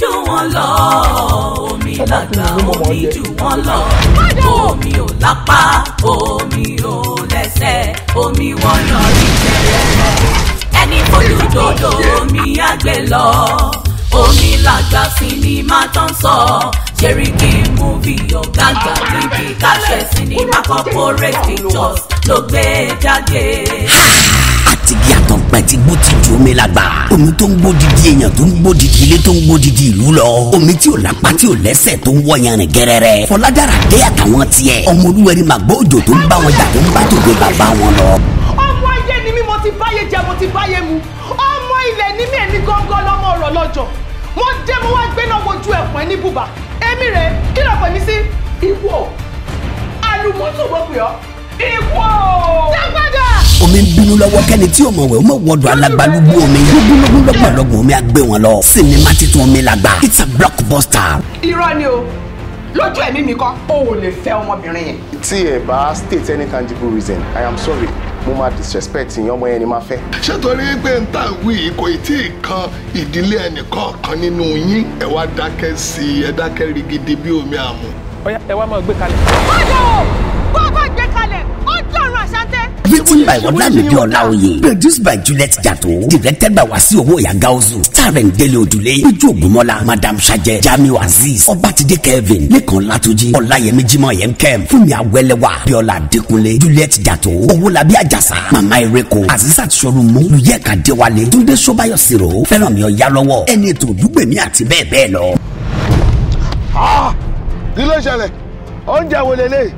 jù wọ́n lọ omi làgbà omi jù wọ́n lọ omi ò lápá omi ò lẹ́sẹ̀ omi wọ́n lọ rí tẹ̀lẹ̀ ẹni fojú dodo omi àgbẹ̀ lọ omi làgbà sinimá tán sọ Seriki múvi ọ̀gá àgbà níbi káṣẹ́ sinimá corporate pictures ló gbé jáde pẹ̀tí gbó ti ju omi la gbà. omi tó ń gbó didi èèyàn tó ń gbó didi ilé tó ń gbó didi ìlú lọ. omi tí ò lápá tí ò lẹ́sẹ̀ tó ń wọ́ yanrìn gẹ́rẹ́rẹ́. fọládára dé àtàwọn tiẹ̀. ọmọ olúwẹ̀rí màgbọ́ òjò tó ń bá wọn jà tó ń bá tòde bàbá wọn lọ. ọmọ ayé ni mí mo ti báyé jẹ mo ti báyé mu ọmọ ilẹ̀ ni mí ẹni gángan lọ́mọ ọ̀rọ̀ lọ́jọ́ mo dé mo wá gbéná wojú ẹ̀pọ̀n ẹ̀ ní bùbá èmi rè kí lọ́pọ̀ mi sí. ìwọ àlùmọ́tò gbọ́ pè ọ́ Ìwọ! Omi ń bínú lọ́wọ́ kẹ́ni tí òmò wẹ̀ ó mọ̀ wọ́dọ̀ alágbálúgbú omi. Lógúnlógún lọ́gbọ̀lọ́gbọ̀n omi á gbé wọn lọ. Sinimá titun omi la gbà. It's a blockbuster. Irọ́ ni o, lójú ẹ̀mí mi kọ́, o ò lè fẹ́ ọmọbìnrin yẹn. Tí ẹ bá state any tangible reason, I am sorry mo máa disrespect ìyẹn ọmọ yẹn ni máa fẹ́. ṣé torí pé n tà wí kò tí ì kan ìdílé ẹnìkan kan nínú yín ẹ wá dákẹ́ sí i ẹ dákẹ́ rigidi bí omi àmú. ọ̀yá ẹ wá máa gbé kalẹ̀. bọ́dọ̀ o written by Ọlámídé Ọláoyè produced by Juliet Jato, directed by Wasiu owó Yagaozu starring Dele Odule Bíjú Ògúnmọ́lá Madam Sajẹ Jamiu Azeez Ọbátidé Kevin Lékan Látúnjí Ọláyẹmí Jimoh Yemkem Fúnmi Awẹ́lẹ́wà Biola Adékúnlé Juliet Jato, Owólabí Àjàsà Mama Ereko Azizat Sorumu Luyeka Dewale Túndé Ṣóbáyọ̀ Siro Fẹ́rànmi Ọ̀yálọ́wọ́ ẹni ètò Olúgbèmí àti bẹ́ẹ̀ bẹ́ẹ̀ lọ. Ah! kí ló ṣẹlẹ̀ oúnjẹ wo lélẹ́yìí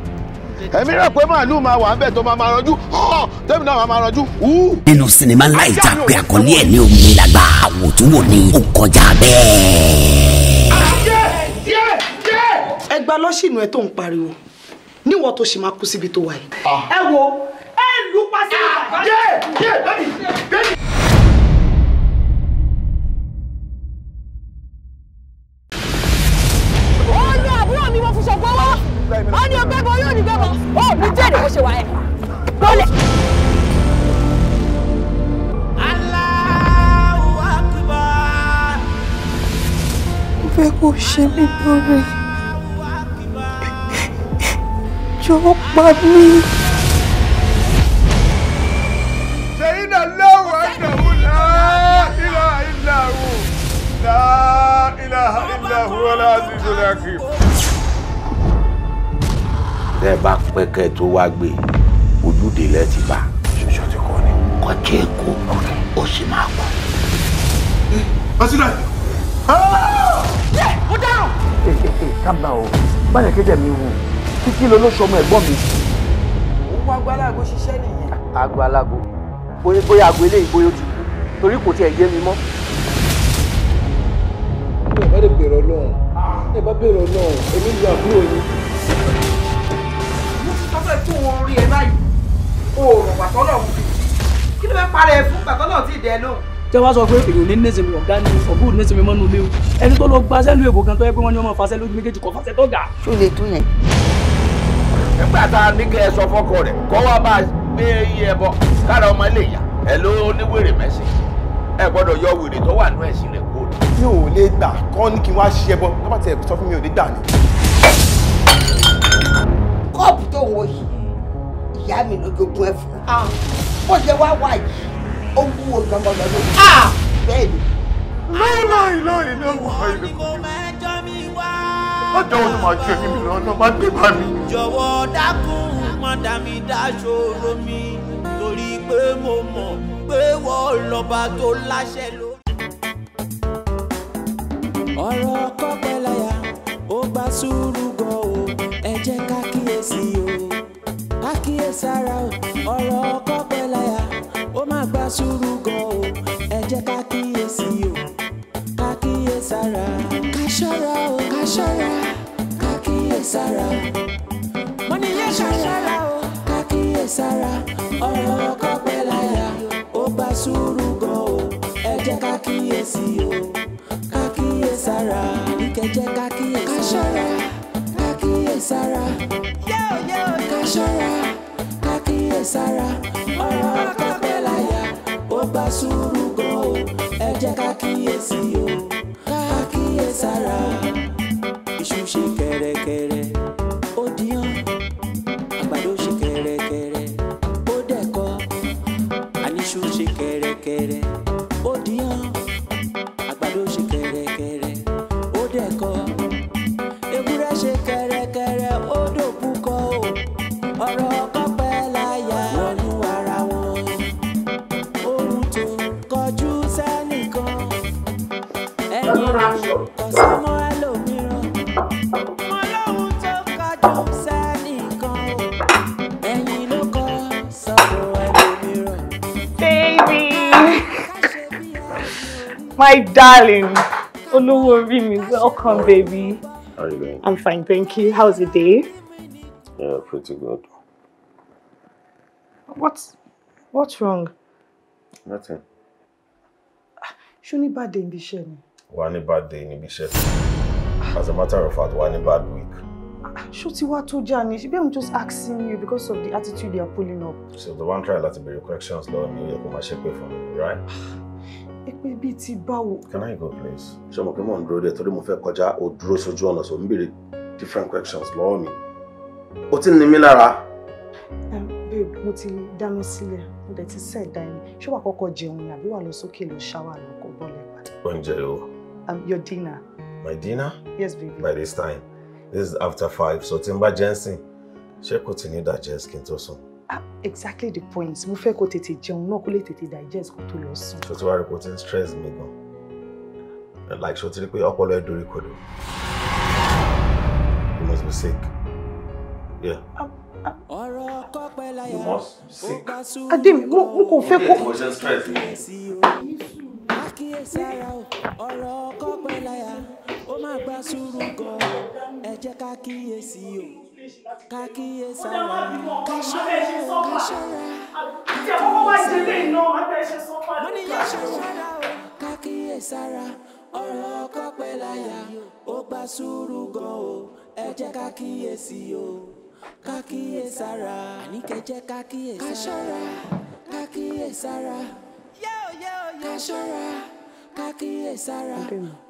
èmi rẹ̀ pé màálù máa wà ń tó máa máa rọjú tẹ́mi náà máa rọjú. nínú sinimá láì tàpé àkọlé ẹ̀ ní Omilágbà àwòtúwò ni ó kọjá bẹ́ẹ̀. ẹgbà lọ́sìnù ẹ tó ń pariwo níwọ̀n tó ṣì máa kú síbi tó wà yìí. Ah. ẹ wo ẹ lù pa ó ṣe mí lóore jọ̀ọ́ pa mí. ṣèyí náà lọ́wọ́ ẹ̀dọ̀wò láìlà ìlàwò láìlà ìlàwò láti ìṣòro àkìrì. tẹ́ ẹ bá pẹ́kẹ́ tó wá gbé ojúde lẹ́ ti bá ṣoṣo ti kọ́ ni. kọjá èkó ó sì máa kú. ọsùn náà. Ah! yẹ mo dáràn. ẹ ẹ ẹ kábà o báyọ̀ kẹ́jẹ́ mi wù kíkí ló ló sọmọ ẹ̀gbọ́n mi. owó agbálago ṣiṣẹ́ nìyẹn. agbálago bóyá bóyá aago eléyìí bóyá ó ti kú torí kò tiẹ̀ yé mi mọ́. mi ò bá lè bèrè ọlọ́run mi ò bá bèrè ọlọ́run èmi lu àbúrò yín. mo ti tọ́jú ẹ̀ tó wọn orí ẹ báyìí oòrùn pàtọ́lọ̀ wù kí ló fẹ́ parẹ́ fún pàtọ́lọ̀ tí ì dẹ́ lóhùn tẹ wá sọ pé èyàn ní nẹ́sẹ̀ mi ọ̀gá ni ọ̀gbọ́n nẹ́sẹ̀ mi mọ́nu mi o ẹni tó lọ gba sẹ́lú èbò kan tó yẹ pé wọ́n ní ọmọ fasẹ́ lójú méjèèjì kọ́ fasẹ́ tó ga. tó lè tún yẹn. nígbà tá a ní ẹ sọ fọ́kọ rẹ̀ kọ́ wá bá a gbé iye ẹbọ kára ọmọ lè yá ẹ ló níwèrè mẹ́sìn ẹ gbọ́dọ̀ yọ wèrè tó wà nú ẹ̀sìn rẹ̀ kúrò. mi ò lè gbà kọ́ ní kí n wá ṣe ẹbọ lọ́pàá tẹ̀ sọ fún mi ò lè gbà ni. kọ́ọ̀pù tó wọ yìí ìyá mi ló ẹ fún. Ah. bó ṣe wá wá yìí ó wú wo gbàngbàngbà lórí. Ah! bẹ́ẹ̀ ni. láìláì láì náà wà á yẹ kó má dáwọ́ ló máa ju ẹ̀mí mi lọ́nà má gbé bá mi. jọ̀wọ́ dákun má mi dá ṣòro mi torí pé mo mọ̀ pé wọ́n lọ́ba tó láṣẹ ló. ọ̀rọ̀ kọ́pẹ́ láyà ó gba sùúrù gan o ẹ jẹ́ ká kíyèsí o ká kíyèsára o ọ̀rọ̀ kọ́pẹ́ láyà ó má gb sùúrù gan o ẹ jẹ́ ká kíyèsí o ká kíyèsára ká ṣọ́ra o ká ṣọ́ra ká kíyèsára mo ní yẹ ṣọ́ra o ká kíyèsára ọ̀rọ̀ ọkọ pẹ́ láyà ó gba sùúrù gan o ẹ jẹ́ ká kíyèsí o ká kíyèsára ìkẹjẹ́ ká kíyèsára ká kíyèsára ká ṣọ́ra ká kíyèsára ọ̀rọ̀ ọkọ ó gba sùúrù gan o ẹ jẹ́ ká kíyèsí o ká kíyèsára iṣu ṣe my darling. Oh, no Oluworimi, welcome, baby. How are you doing? I'm fine, thank you. How's the day? Yeah, pretty good. What's what's wrong? Nothing. Ṣó ní bad day níbi iṣẹ́ ni? Wà ní bad day níbi iṣẹ́. As a matter of fact, wà ní bad week. Ṣó ti wá tó já I'm just asking you because of the attitude you're pulling up. So the one try láti béèrè questions lọ́wọ́ mi yẹ kó máa ṣépè fún mi, right? ẹ pé ti báwo. can i go please. ṣé mo pé mò ń dúró dé torí mo fẹ́ kọjá o dúró sójú ọ̀nà so ń béèrè different questions lọ́wọ́ mi o ti ní mi lára. babe mo ti dáná sílẹ̀ mo dẹ̀ ti sẹ́ẹ̀ dá ẹni ṣé wàá kọ́kọ́ jẹun ni àbí wàá lọ sókè lọ ṣáwà lọ kó bọ́ọ̀lù ẹ̀ padà. oúnjẹ o. Um, your dinner. my dinner. yes baby. by this time this is after five so tí n bá jẹ́ ń sìn ṣé kò ti ní digest kí tó sùn ah exactly the point mo fẹ́ kó tètè jẹun náà kó lè tètè digest kó tó lọ sùn. ṣé o ti wá stress me. gan like ṣé o ti rí pé ọpọlọ ẹ dorí kodò you must be sick yeah. Um, ọ̀rọ̀ kọ́pẹ́ láyà ó bá sùn. adé mi mo kò fẹ́ kó. mo ṣe ń stress mi. àkíyèsí ara ọ̀rọ̀ kọ́pẹ́ gba sùúrù gan ẹ jẹ́ ká kíyèsí o kàkíyè sára kàṣọra kàṣọra. àti àkọ́kọ́ wá ṣe lé iná abẹ́ ṣe sọ́pà. wọ́n ní yẹ ṣọ́ra o kàkíyè sára ọ̀rọ̀ ọkọ pẹ́ láyà ó gba sùúrù gan o ẹ jẹ́ kàkíyèsí o kàkíyèsára àníkẹ́ jẹ́ kàkíyèsára kàṣọ́ra kàkíyèsára kàṣọ́ra kàkíyèsára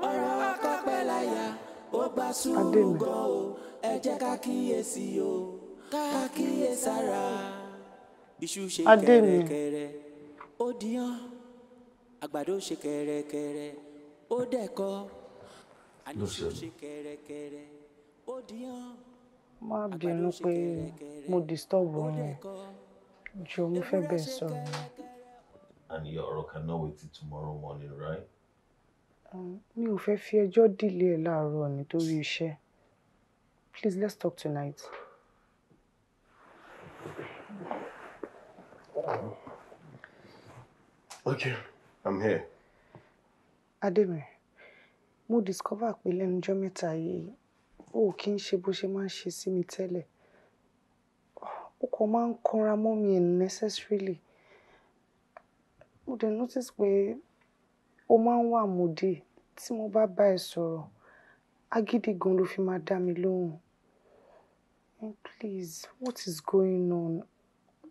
ọ̀rọ̀ ọkọ pẹ́ láyà ó gba sùúrù gan o ẹ jẹ́ ká kíyèsí o ká kíyèsára iṣu ṣe kẹ̀rẹ̀kẹ̀rẹ̀ ó díyàn àgbàdo ṣe kẹ̀rẹ̀kẹ̀rẹ̀ ó dẹ̀kọ àníṣe ṣe kẹ̀rẹ̀kẹ̀rẹ̀ ó díyàn má bínú pé mo disturb òun jọ mo and your ọ̀rọ̀ cannot wait till tomorrow morning right. Um, mi ò fẹ́ fi ẹjọ́ dìlé ẹ̀ láàárọ̀ nítorí iṣẹ́. Please, let's talk tonight. Okay, I'm here. Ademe, mo discover pé lẹ́nu ọjọ́ mẹ́ta yìí, o kì í ṣe bó ṣe máa ń ṣe sí mi tẹ́lẹ̀. O kò máa ń kanra mi unnecessarily. Mo dẹ̀ notice pé o máa ń wà moody tí mo bá bá ẹ sọ̀rọ̀. Agídí gan ló fi máa dá mi lóhùn me oh, please what is going on.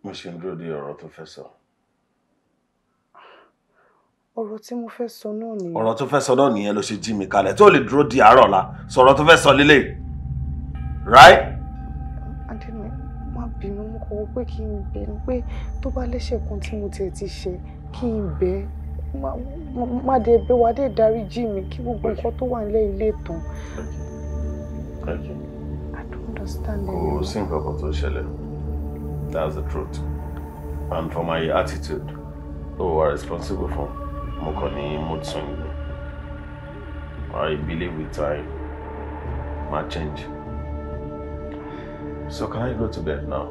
Miss ṣe ń dúró de ọ̀rọ̀ tó fẹ́ sọ. ọ̀rọ̀ tí mo fẹ́ sọ náà nìyẹn. ọ̀rọ̀ tó fẹ́ sọ náà nìyẹn ló ṣe jí mi kalẹ̀ tó lè dúró di àárọ̀ la sọ̀rọ̀ tó fẹ́ sọ lílé right. adenu má bínú mo kọ̀ wọ́n pé kí n bẹ̀ ẹ́ pé tó bá lẹ́sẹ̀ kan tí mo tiẹ̀ ti ṣe kí n bẹ̀ ẹ́ má dé bẹ̀ wá dé dáríjì mi kí gbogbo nǹkan tó wà nílẹ̀ ilé tán understanding. kò sí nǹkan kan that's the truth and for my attitude o oh, are responsible for Mokoni kàn I believe with time my change so can I go to bed now.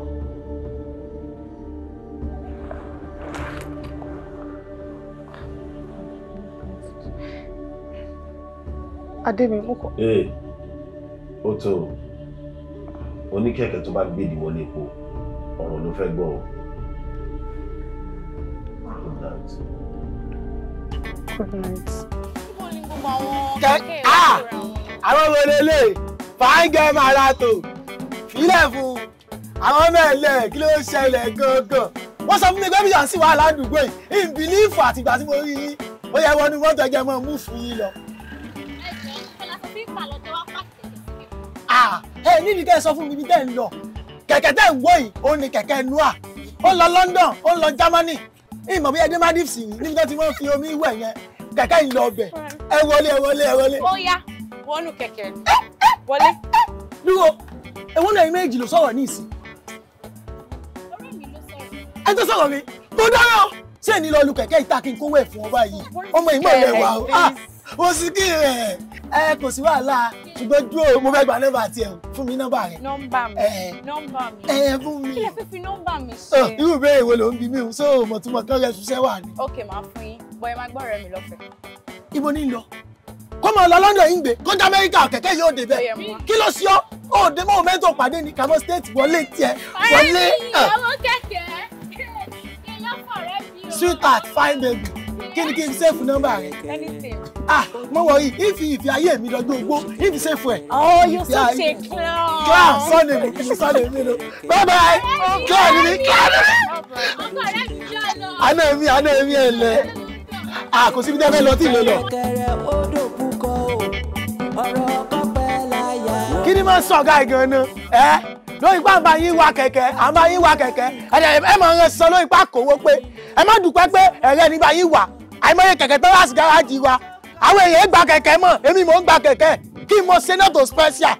Ademi, Moko. Hey, Otto oníkẹ̀kẹ́ tó bá gbé ìdíwọlé epo ọ̀rọ̀ ló fẹ́ gbọ́ o. Good night. Ah! Àwọn wo lélẹ̀? Fáńgẹ́ Màràtò. Fílẹ̀ fún àwọn ọmọ ẹ̀lẹ́ kí ló ṣẹlẹ̀ gangan. Wọ́n sọ fún mi gómìnà sí wàhálà àdúgbò yìí. Ìbílífù àtìgbà tí mo rí yín. Ó yẹ wọnú mọ́tò ẹ̀jẹ̀ mọ́ mú fún yín lọ. Ẹ̀jẹ̀ ń pẹ́ láti fi ń pàlọ́ tó wá pàtẹ́kẹ̀. Ah! ẹ nídìí kẹ́ ẹ sọ fún mi bí tẹ́ ń lọ kẹ̀kẹ́ tẹ́ ń wò yìí òun ni kẹ̀kẹ́ noah ó lọ London ó lọ Germany ìmọ̀ bí ẹdín madifs yìí níbi tó ti wọ́n fi omi wẹ̀ yẹn kẹ̀kẹ́ ń lọ ọbẹ̀ ẹ wọlé ẹ wọlé ẹ wọlé. ó yá wọnú kẹ̀kẹ́ wọlé. dúró èwo náà méjì ló sọ̀rọ̀ ní ìsìn. ẹ tó sọ̀rọ̀ mi mo dáná ṣé ènìyàn lu kẹ̀kẹ́ ìta kí n kówó ẹ̀ fún ọ báyìí ọmọ ìmọ̀ ẹ̀ wà á mo sì kí rẹ̀ ẹ kò sí wàhálà ṣùgbọ́n dúró mo fẹ́ gba nọ́mbà tiẹ̀ fún mi nọ́mbà rẹ̀. nọ́mbà mi nọ́mbà mi ẹ fún mi. kílẹ̀ fífi nọ́mbà mi ṣe. irú ìbéèrè wo ló ń bi mí o so mọ̀túmọ̀ kan rẹ̀ ṣiṣẹ́ wà ní. ok màá fún yín bọ ẹ máa gbọ́ ọ̀rẹ́ mi lọ́fẹ̀ẹ́. ibo ni lọ kó mọ lọ London yìí ń gbé kó dá Amẹ́ríkà kẹ̀kẹ́ yóò dé bẹ́ẹ̀ kí ló ṣe ọ́ ó dé mọ́ mẹ́tò pàdé ní kàmọ́ state wọlé tiẹ̀ wọlé. ọ̀rẹ́ mi ìyàwó kẹ̀kẹ́ kí ló fọ̀rẹ́ mi o. sweet heart fine baby. kí ni sẹ́fù nọ́mbà rẹ. ah mo wọ̀nyí ìfì ìfì ayé mi lọ́jọ́ ogbó ìfì sẹ́fù ẹ̀. oh you so take clown. clown sunday mo kìí sunday mi lo bye bye clown mi clown mi. àná mi àná mi ẹ̀ lẹ̀ ah kò síbi dáfẹ́ lọ tí lọ. kí ni máa ń sọ ọ̀gá ìgan náà ẹ lóyún pàǹpà yín wa kẹ̀kẹ́ àmọ́ yín wa kẹ̀kẹ́ pé. ẹ má dúpẹ́ pé ẹ̀rẹ́ nígbà yín wà àìmọye kẹ̀kẹ́ tó láti gáràjì wa àwọn èèyàn gba kẹ̀kẹ́ mọ̀ èmi mò ń gba kẹ̀kẹ́ kí n mọ senator special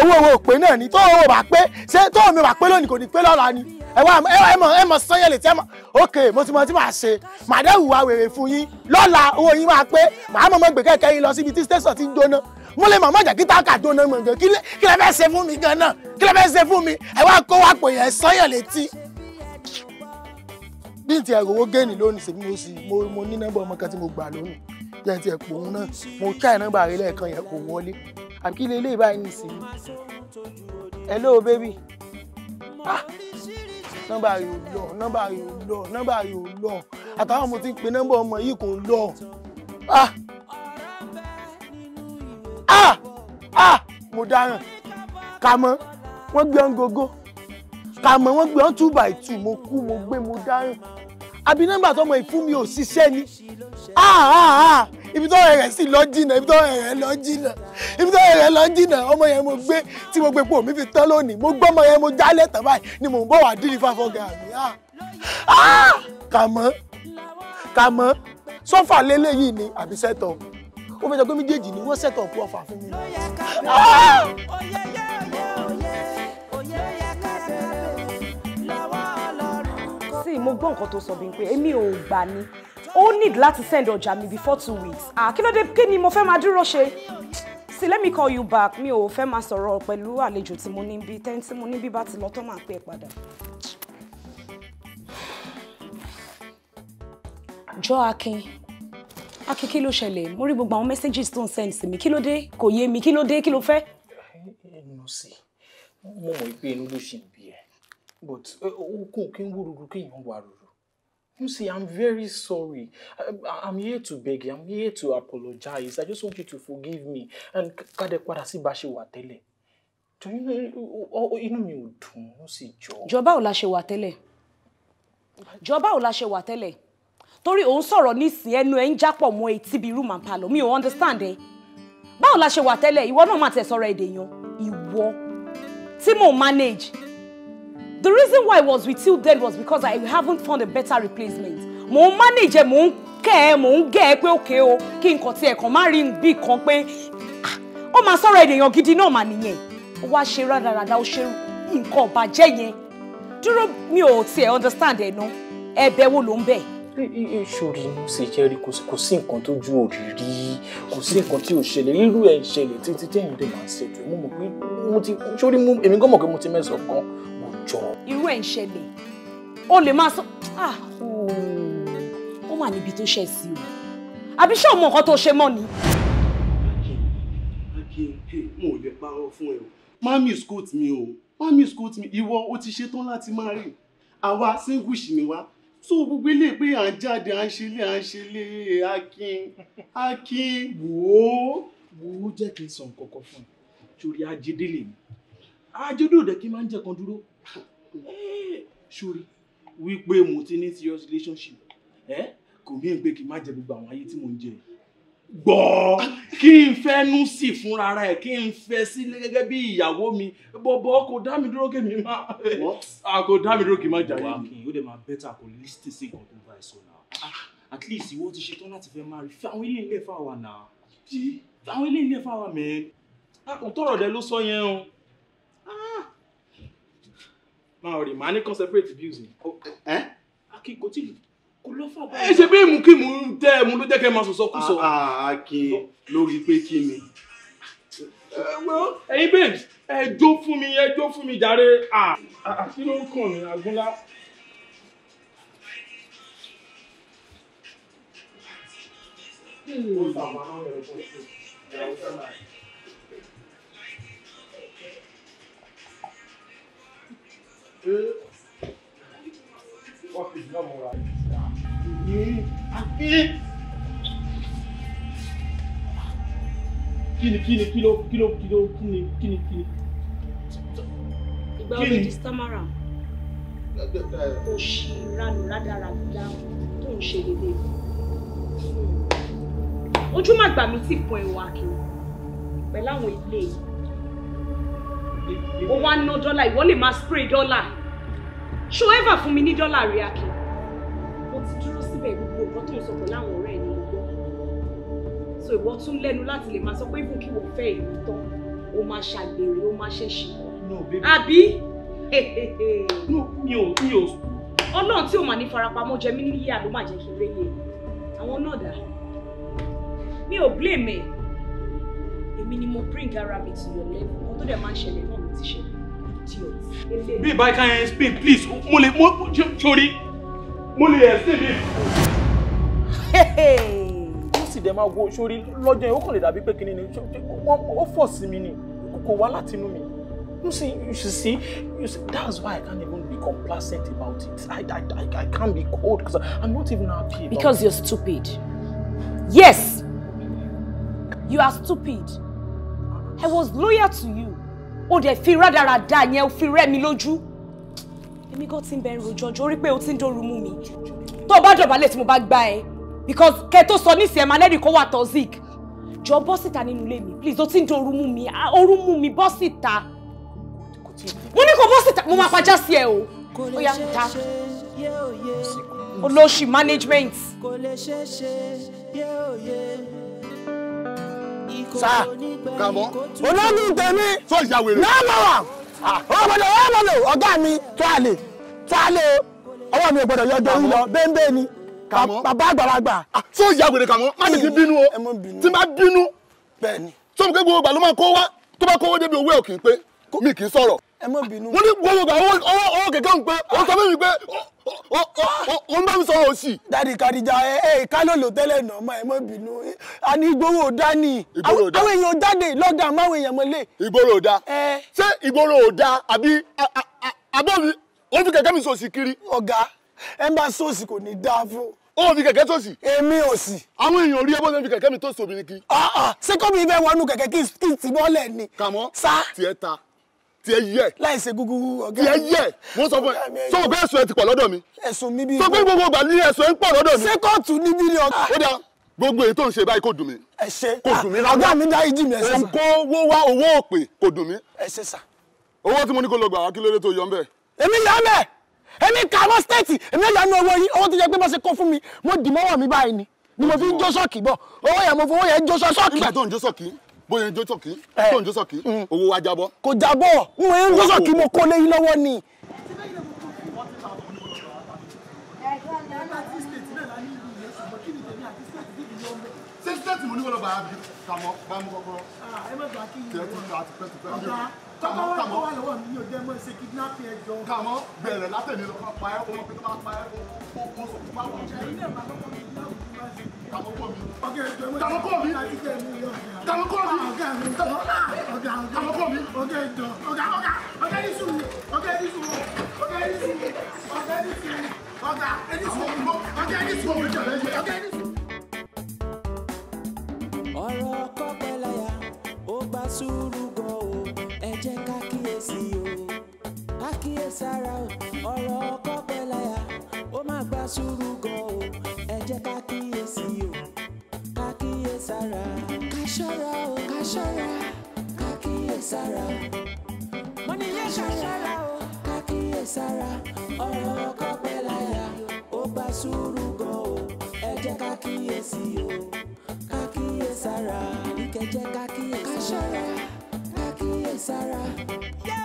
owó owó òpè náà ni tó owó bá pé ṣé tó omi bá pé lónìí kò ní pé lọ́la ni ẹ wá ẹ mọ ẹ mọ sanyẹ lè tẹ mọ ok mo ti mọ tí màá ṣe màá dẹ́ wèrè fún yín lọ́la owó yín máa pé màá mọ̀ mọ́ gbé kẹ̀kẹ́ yín lọ síbi tí station ti ń jóná mo lè mọ̀ mọ́ jẹ́ kí táàkà mọ̀ gbé kí lẹ fẹ́ ṣe fún mi gan náà kí lẹ fẹ́ ṣe fún mi ẹ wá kó wá pò yẹn létí bí ti àròwó géènì lónìí ṣèbí mo sì mo ní nọ́mbà ọmọ kan tí mo gbà lónìí jẹ́ ti ẹ̀pọ̀ òun náà mo try nọ́mbà rẹ lẹ́ẹ̀kan yẹn kò wọlé àbí kí lélẹ́yìí báyìí ní ìsinmi hello baby ah nọ́mbà rẹ ò lọ nọ́mbà rẹ ò lọ nọ́mbà rẹ ò lọ àtàwọn mo ti ń pe nọ́mbà ọmọ yìí kò lọ ah ah ah mo dáràn kà mọ́ wọ́n gbé ọ́n gógó kà mọ̀ wọ́n gbé wọn two by two mo kú mo gbé mo dáhùn àbí nọ́mbà tó mọ ìfún mi ò ṣiṣẹ́ ni ah, ah, ah. ibi tó rẹ̀ sí lọ jìnà ibi tó rẹ̀ lọ jìnà ibi tó rẹ̀ lọ jìnà ọmọ yẹn mo gbé tí mo gbé pò mí fi tán lónìí mo gbọ́ ọmọ yẹn mo jálẹ̀ tán báyìí ni mò ń bọ̀ wá dìrì fáfọ́gà mi kàmọ́ kàmọ́ sọ́fà lélẹ́yìí ni àbí sẹ́tọ̀ ó fẹ́ jọ pé méjèèjì ni wọ́n sẹ́tọ̀ ọ̀pọ̀ ọ̀fà fún mi. sí mo gbọ́ nǹkan tó sọ bí n pé èmi ò gbà ni ó need láti send ọjà mi before two weeks ah kí ló dé kí ni mo fẹ́ máa dúró ṣe see let me call you back mi ò fẹ́ máa sọ̀rọ̀ pẹ̀lú àlejò tí mo ní bí tẹ́ni tí mo ní bí bá ti lọ tó máa pè é padà. jọ akin akin kí ló ṣẹlẹ̀ mo rí gbogbo àwọn messages tó ń send sí mi kí ló dé kò yé mi kí ló dé kí ló fẹ́. ẹnu sí mo mọ̀ pé inú ló ṣì ń bí ẹ but okun uh, kí n wúrúurú kí èèyàn wà rúru you see i'm very sorry I, i'm here to beg you i'm here to apologize i just want you to forgive me and kádẹ padà sí bá a ṣe wà tẹ́lẹ̀ torí inú mi ò dùn ó sì jọ. jọba ò la ṣe wà tẹ́lẹ̀ jọba ò la ṣe wà tẹ́lẹ̀ torí òun sọ̀rọ̀ nísìn ẹnu ẹ̀ ń jápọ̀ mọ́ etí bíi room and parlour mi ò understand ẹ báwo la ṣe wà tẹ́lẹ̀ ìwọ náà má tẹ̀ sọ̀rọ̀ èdè yan ìwọ tí mò ń manage The reason why I was with you then was because I haven't found a better replacement. Mo manage mo ń mo ń gẹ́ ẹ pé òkè o kí nǹkan tiẹ̀ kan má rí bí kan pé ah, ó máa sọ̀rọ̀ ènìyàn gidi náà mà nìyẹn. Ó wá ṣe rádaràda ó ṣe nǹkan ọ̀bàjẹ́ yẹn. Dúró mi ò tiẹ̀ understand ẹ̀ ná. Ẹ̀bẹ̀ wo ló ń bẹ̀? ìṣòro mo sì jẹ́ rí kò sí nǹkan tó ju òrìrí kò sí nǹkan tí ò ṣẹlẹ̀ irú ẹ̀ ń ṣẹlẹ̀ títí tẹ́yìn dé máa ń ṣètò mo mọ̀ pé mo ti sórí èmi gan mọ̀ pé mo ti mẹ́sàn-án gan jọ. irú ẹ̀ ń ṣẹlẹ̀ o lè máa sọ ah, ó wà níbi tó ṣẹ̀ sí o àbí ṣé o mọ nǹkan tó ṣe mọ́ ni. mo ò lè parọ́ fún ẹ o mami scold mi o mami scold mi ìwọ o ti ṣetán láti máa rìn àwa singlish ni wá so gbogbo ilé pé à ń jáde à ń ṣe à ń ṣe akin akin wò ó. wò ó jẹ́ kí n sọ nǹkan kan fún ẹ torí ajé délé mi ajé dòdò kí n máa ń jẹ́ kan dúró ṣúrí wípé mo ti ní serious relationship ẹ kò mí pé kí n má jẹ gbogbo àwọn ayé tí mo ń jẹ gbọ́ kí n fẹ́nu sí fúnra ẹ̀ kí n fẹ́ sílé gẹ́gẹ́ bí ìyàwó mi bọ̀bọ̀ kò dá mi dúró kí mi má kò dá mi dúró kí n má jà yìí. wàá kì í ó dẹ̀ máa bẹ́tà kó lísítì sí nǹkan tó bá ẹ sọ náà ah, at least ìwọ ti ṣetán láti fẹ́ máa rí fáwọn ilé ilé fáwa náà fáwọn ilé ilé fáwa mẹ́ẹ̀ẹ́. àkùntọ̀rọ̀ ah, dẹ ló sọ yẹn o máa rè máa ní kan separate bills ni. ẹ akin kò tí kò lọ fà báyìí. ẹ ṣe bí ìmúkímù tẹ ẹ ló jẹ́ kẹ́ máa sọ̀sọ́ kú sọ. akin lórí pé kí ni. ẹyin babes ẹ fún mi ẹ fún mi jàre àti ló ń kàn mí Kini, kini, mo ra ìjà. kini. kíni kíni kí ló kí ló kí ló kíni kíni kíni. Ìgbà òbí di Samara. Kò ṣì ranù rádaràdà tó ń ṣe lédè. Hmm. Ojú màgbà mi ti pọn ẹ̀wà kiri pẹ̀lú ilé yìí. O wá ná dọ́là ìwọ lè máa spray dọ́là ṣó ever fún mi ní dọ́là rí akin mo ti dúró síbẹ̀ gbogbo nǹkan tó ń sọ pọ̀ láwọn ọ̀rẹ́ ẹni mo gbọ́ so ìwọ tún lẹ́nu láti lè máa sọ pé ibùkún ìwọ fẹ́ to tán o máa ṣàgbèrè o máa No, ṣì àbí mi ò mi ò. ọlọ́run tí ò mà ní farapamọ́ jẹ mí níyà ló má jẹ́ kí n réyè àwọn náà dà mi ò blame ẹ̀ èmi ni mo bring ara mi to your level tó dẹ̀ máa ṣẹlẹ̀ náà ló ti ṣẹlẹ̀ idiot. bí ìbá kan yẹn spin please mo lè mo sori mo lè ẹ̀ sí mi. ó sì dẹ̀ máa wo sórí lọ́jọ́ yẹn ó kàn lè dàbí pé kinní ni ó fọ̀ sí mi ni kò wá látinú mi. You see, you see, you see, that's why I can't even be complacent about it. I, I, I, I can't be cold because I'm not even happy. Because you're stupid. Yes, you are stupid. I was loyal to you. O dẹ̀ fi rádaràda yẹn o fi rẹ́ mi lójú. Èmi kan ti ń bẹ̀rù òjòjò orí pé o ti ń dòrú mi. Tó o bá dọ̀bálẹ̀ mo bá gbá ẹ. Because kẹ tó sọ ní ìsìn ẹ̀mánẹ́rì kó wà toxic. Jọ bọ́ síta nínú mi please o ti ń dòrú mú mi orú mú mi bọ́ síta. Mo ní kò bọ́ síta mo máa pajá sí ẹ o. Ó yá ta olóṣì management. kò lè ṣeé ṣe yé òye sa kàmọ́. olómi tèmi náà mọ̀ wá ọmọdé ọmọdé ọ̀gá mi tó àlè ọwọ́ mi ò gbọ́dọ̀ yọjọ́ yín lọ ah, bẹ́ẹ̀ ni bàbá àgbàlagbà. tó ìyá wèrè kàmọ́ má ní kí bínú o tí má bínú tó ń gbé gbogbo ìgbà ló máa kó wá tó bá kówó débi owó ẹ̀ òkè pé mi kì í sọ̀rọ̀ wọ́n ní gbogbo ìgbà owó kẹ̀kẹ́ ń pé ó sọ fún mi pé ó ń bá mi sọ̀rọ̀ òsì. dadi kadija ẹ ẹ kálọ̀ ló tẹ́lẹ̀ náà máa ẹ má bínú a ní ìgboro òda ni àwọn èèyàn jáde lọ́dà máwọn èèyàn mọ́lẹ̀. ìgboro òda ṣé ìgboro òda àbí abẹ́mi ó fi kẹ̀kẹ́ mi sòsì kiri. ọ̀gá ẹ bá sòsì kò ní dáa fún. ó fi kẹ̀kẹ́ sòsì. èmi ò sì. àwọn èèyàn rí ẹbọ náà fi kẹ̀kẹ́ mi tó sòbìnrin kiri. Ah, ah, ṣé kọ́mi ìfẹ́ wọnú kẹ̀kẹ́ kí n ti bọ́lẹ̀ ni. kàmọ́ tiẹ̀ ta tí ẹ yẹ. láì ṣe gúgúrú ọgá mi. tí ẹ yẹ mo sọ fún ẹ sọ pé ẹ̀sùn ẹ ti pọ̀ lọ́dọ̀ mi. ẹ̀sùn mi bí. sọ pé gbogbo ìgbà ní ẹ̀sùn ẹ ń pọ̀ lọ́dọ̀ mi. sẹ́kọ̀tù níbí ni ọgá. Ah, ó dáa gbogbo èyí tó ń ṣe báyìí kò dùn mí. ẹ ṣe kò dùn mí ah, rárá ọgá mi dá ìjì mi ẹ ṣe sà. òǹkó wó wá owó òpè kò dùn mí. ẹ ṣe sà. owó tí mo ní kó lọ gbà wá kí lóde tó yọ ń bẹ. èmi yọ mẹ èmi kà mọ stéètì èmi yọ nu owó yìí owó tó jẹ pé bó ṣe kó fún mi mo dì mọ́wọ́ mi báyìí ni ni mo fi ń jó sọ́ọ̀kì bọ̀ owó yẹn mo fowó yẹn jó sọ́ọ̀kì. nígbà tó ń jó sọ́ọ̀kì bóyá njó sọ̀kì tó njó sọ̀kì mm. owó wa jábọ́. kò jábọ́ mo ń njó sọ̀kì mo kó lé yín lọ́wọ́ ni. ṣé ṣé tí mo ní kọ́ lọ bá a bí kàmọ́ bá mú kọ́kọ́rọ́. Ah, ẹ má gbà kí n yẹ. tẹ́tí kọ́kọ́ wọn kọ́ wà lọ́wọ́ mi ní òjẹ́ mọ́ ṣe kidnapping ẹjọ́. Eh, kàmọ́ bẹ̀rẹ̀ látẹ̀lé lọ́kọ́ pa ẹ́ fún ọmọkùnrin tó bá pa ẹ́ fún ọkọ̀ sọ̀kú bá wọ̀ kàmọ́kọ́ mi kàmọ́kọ́ mi kàmọ́kọ́ mi. ọ̀gá ẹ̀jọ̀ ọ̀gá ọ̀gá ọ̀gá ẹ̀dísù ọ̀gá ẹ̀dísù ọ̀gá ẹ̀dísù ọ̀gá ẹ̀dísù ọ̀gá ẹ̀dísù ọ̀gá ẹ̀dísù ọ̀gá ẹ̀dísù. ọ̀rọ̀ kọ́pẹ́ láyà ó gbà sùúrù gan sí o kákíyèsára ọ̀rọ̀ ọkọ pẹ́ ó má gba sùúrù gan o ẹ jẹ́ kákíyèsí o kákíyèsára ká ṣọ́ra o ká ṣọ́ra kákíyèsára mo ní yẹ ká ṣọ́ra o kákíyèsára ọ̀rọ̀ ọkọ pẹ́ láyà ó gba sùúrù gan o ẹ jẹ́ kákíyèsí o kákíyèsára ìkẹjẹ kákíyèsára ká ṣọ́ra sára ká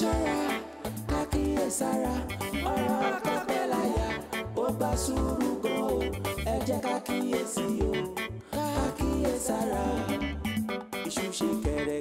ṣọ́ra ká kíyè Sara, ọ̀rọ̀ àkọ́pẹ́ láyà ó gba sùúrù gan o ẹ jẹ́ ká kíyè sí o ká kíyè sára iṣu kẹrẹ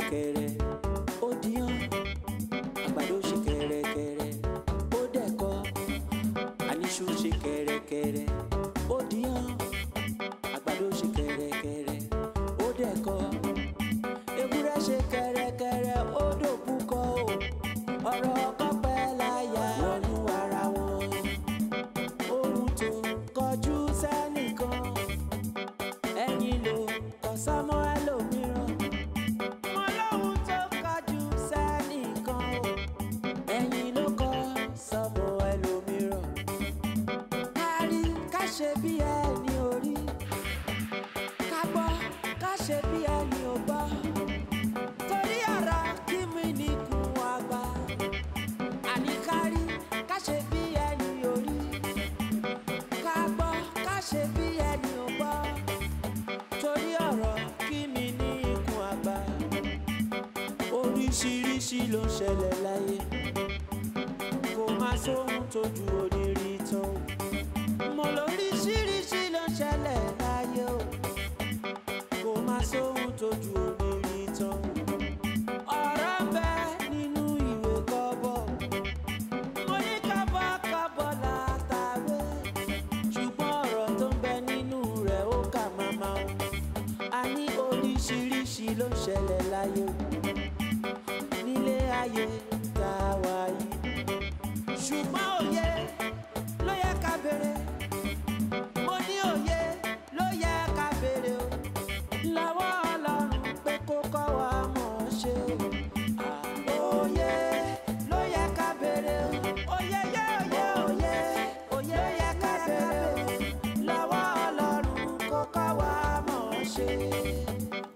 ṣe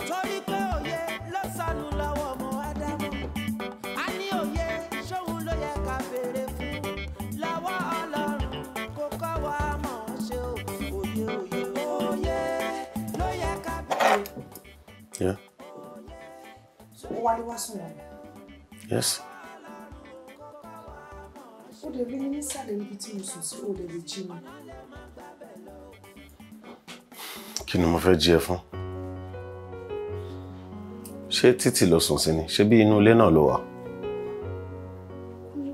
torí pé òye ló sọnù lọ́wọ́ ọmọ ádámù a ní òye ṣóhun ló yẹ ká béèrè fún lọ́wọ́ ọlọ́run kó kọ́ wa mọ̀ ọ́ ṣe òye òye òye ló yẹ ká béèrè. Wálé wá sùn wọn. Yes. Ó lè rí nísàlẹ̀ níbi tí mo sùn sí, ó lè lè jí mi. Kí ni mo fẹ́ jí ẹ fún? ṣé títì ló sùn sí ni ṣé bí inú ilé náà ló wà.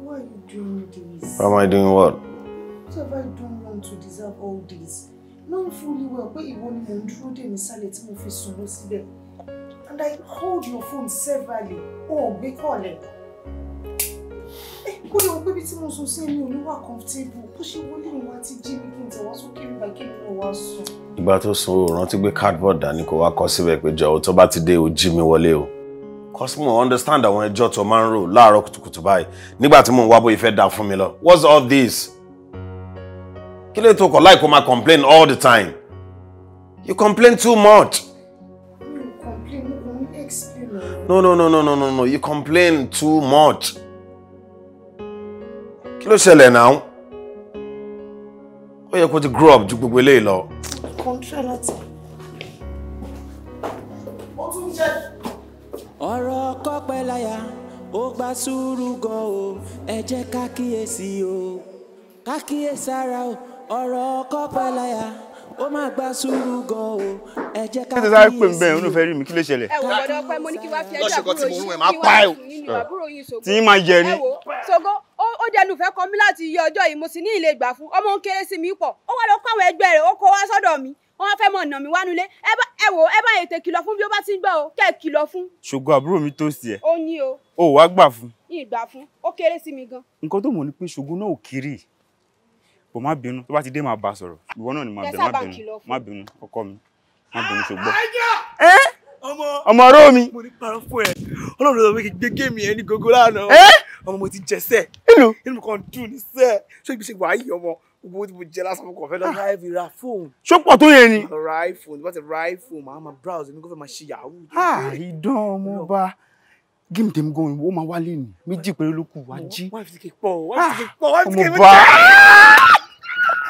Why you doing this? Why am I doing what? have I done wrong to deserve all this? Knowing fully well pé ìwọ ni mò ń dúró dè nísàlẹ̀ tí mo fi and I hold your phone severally o ò gbé kọ̀ọ̀lẹ̀. Eh, kó lè wọ pé bí tí mo sùn sí mi ò wà comfortable bó ṣe wọlé ìwà ti jí mi kí n tẹ̀wọ́ sókè nígbà kí n lọ wá sùn ìgbà tó sanwó rántí gbé cardboard dání kó wá kọ síbẹ̀ pé jọ̀ọ́ tó bá ti dé o jí mi wọlé o customer understand àwọn ẹjọ́ tó máa ń rò láàárọ̀ kùtùkùtù báyìí nígbà tí mò ń wá bóyá ìfẹ́ dà fún mi lọ what's all this kí lè tó kọ̀ láì kó máa complain all the time you complain too much. no no no no no no no you complain too much. kí ló ṣẹlẹ̀ náà ó yẹ kó ti grow up ju gbogbo eléyìí lọ kọ́ńtà láti. ó tún jẹ́. ọ̀rọ̀ kọ́pẹ́ láyà ó gba sùúrù gan o ẹ jẹ́ ká kíyèsí o ká kíyèsára o ọ̀rọ̀ kọ́pẹ́ láyà ó máa gba sùúrù gan o ẹ jẹ́ ká kí ẹ sáré pè mí bẹ́ẹ̀ òun fẹ́ rí mi kí ló ṣẹlẹ̀. ẹ wò ọ̀dọ̀ ọpẹ mo ní kí wàá fi ẹjọ́ àbúrò yìí kí wàá nínú àbúrò yìí ṣògo tí máa yẹ ni. ẹ wò ṣògo ó dẹnu fẹ́ kọ mí láti iye ọjọ́ yìí mo sì ní ilé ìgbà fún ọmọ ń kéré sí mi pọ̀ ó wá lọ kó àwọn ẹgbẹ́ rẹ̀ ó kó wá sọ́dọ̀ mi wọn fẹ́ mọ ọ̀nà mi wá nulẹ̀ ẹ wò ẹ bá ètè kìlọ̀ fún bí ó bá ti ń gbọ́ o kẹ́ ẹ kìlọ̀ fún. ṣùgbọ́n àbúrò mi tó sí ẹ. ó ní o. o wàá gbà fún. ìgbà fún ó kéré sí mi gan. nǹkan tó mọ̀ ni pé ṣògo náà ò kiri bò má bínú tó bá ti dé máa bá a sọ̀rọ̀ ìwọ náà ni máa bẹ̀ má bínú má bínú ọkọ mi má bínú ṣùgbọ́n. ọmọ ọ̀rọ̀ mi. mo ní parọ́ fún ẹ ọlọ́run ló sọ pé kí gbé géèmì ẹ ní gogo lánàá ọmọ mo ti jẹsẹ ìlú ìlú kan dùn ní sẹ ṣé ibi ṣe wàá yí ọmọ gbogbo tí mo jẹ lásán mo kàn fẹ́ lọ ah. ra ẹbí ra fóònù. ṣọ́pọ̀ tó yẹ ni. ra iphone tí wọ́n ti ra iphone màá máa browse èmi kò fẹ́ máa ṣe yahoo. ìdán ah, ọmọ ọba géèmù tèmi gan ó máa wálé ni méjì péré ló kù wá jí. wọ́n fi ti kí pọ̀ wọ́n fi ah, ti kí pọ̀ wọ́n fi ti kí pọ̀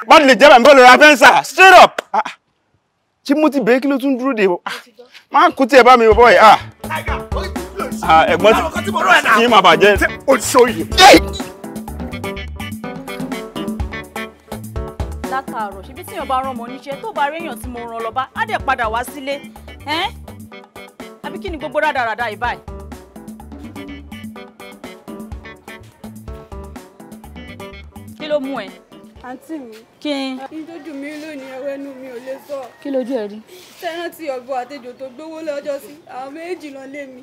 bọ́ọ̀lù lè jẹ́ bàmí bọ́ọ̀lù ra fẹ́ǹsà straight up. Ah, ah. Timothy bẹ́ẹ̀ kí ló tún dúró de ah, máa kú tí ẹ bá mi bọ́ ẹ̀ ah. ẹ̀gbọ́n tí mà bàjẹ́. látàárọ̀ ṣebí tí èèyàn bá rán ọmọ níṣẹ́ tó bá réèyàn tí mo rán lọ bá á dẹ̀ padà wá sílé àbí kí ni gbogbo rádaràda yìí báyìí. kí ló mú ẹ àǹtí mi. kí n. ìdójú mi lónìí ọwọ́ ẹnu mi ò lè sọ. kí lójú ẹ rí. sẹ́yìn tí ọ̀bọ àtejò tó gbowó lọ́jọ́ sí àwọn méjì lọ lé mi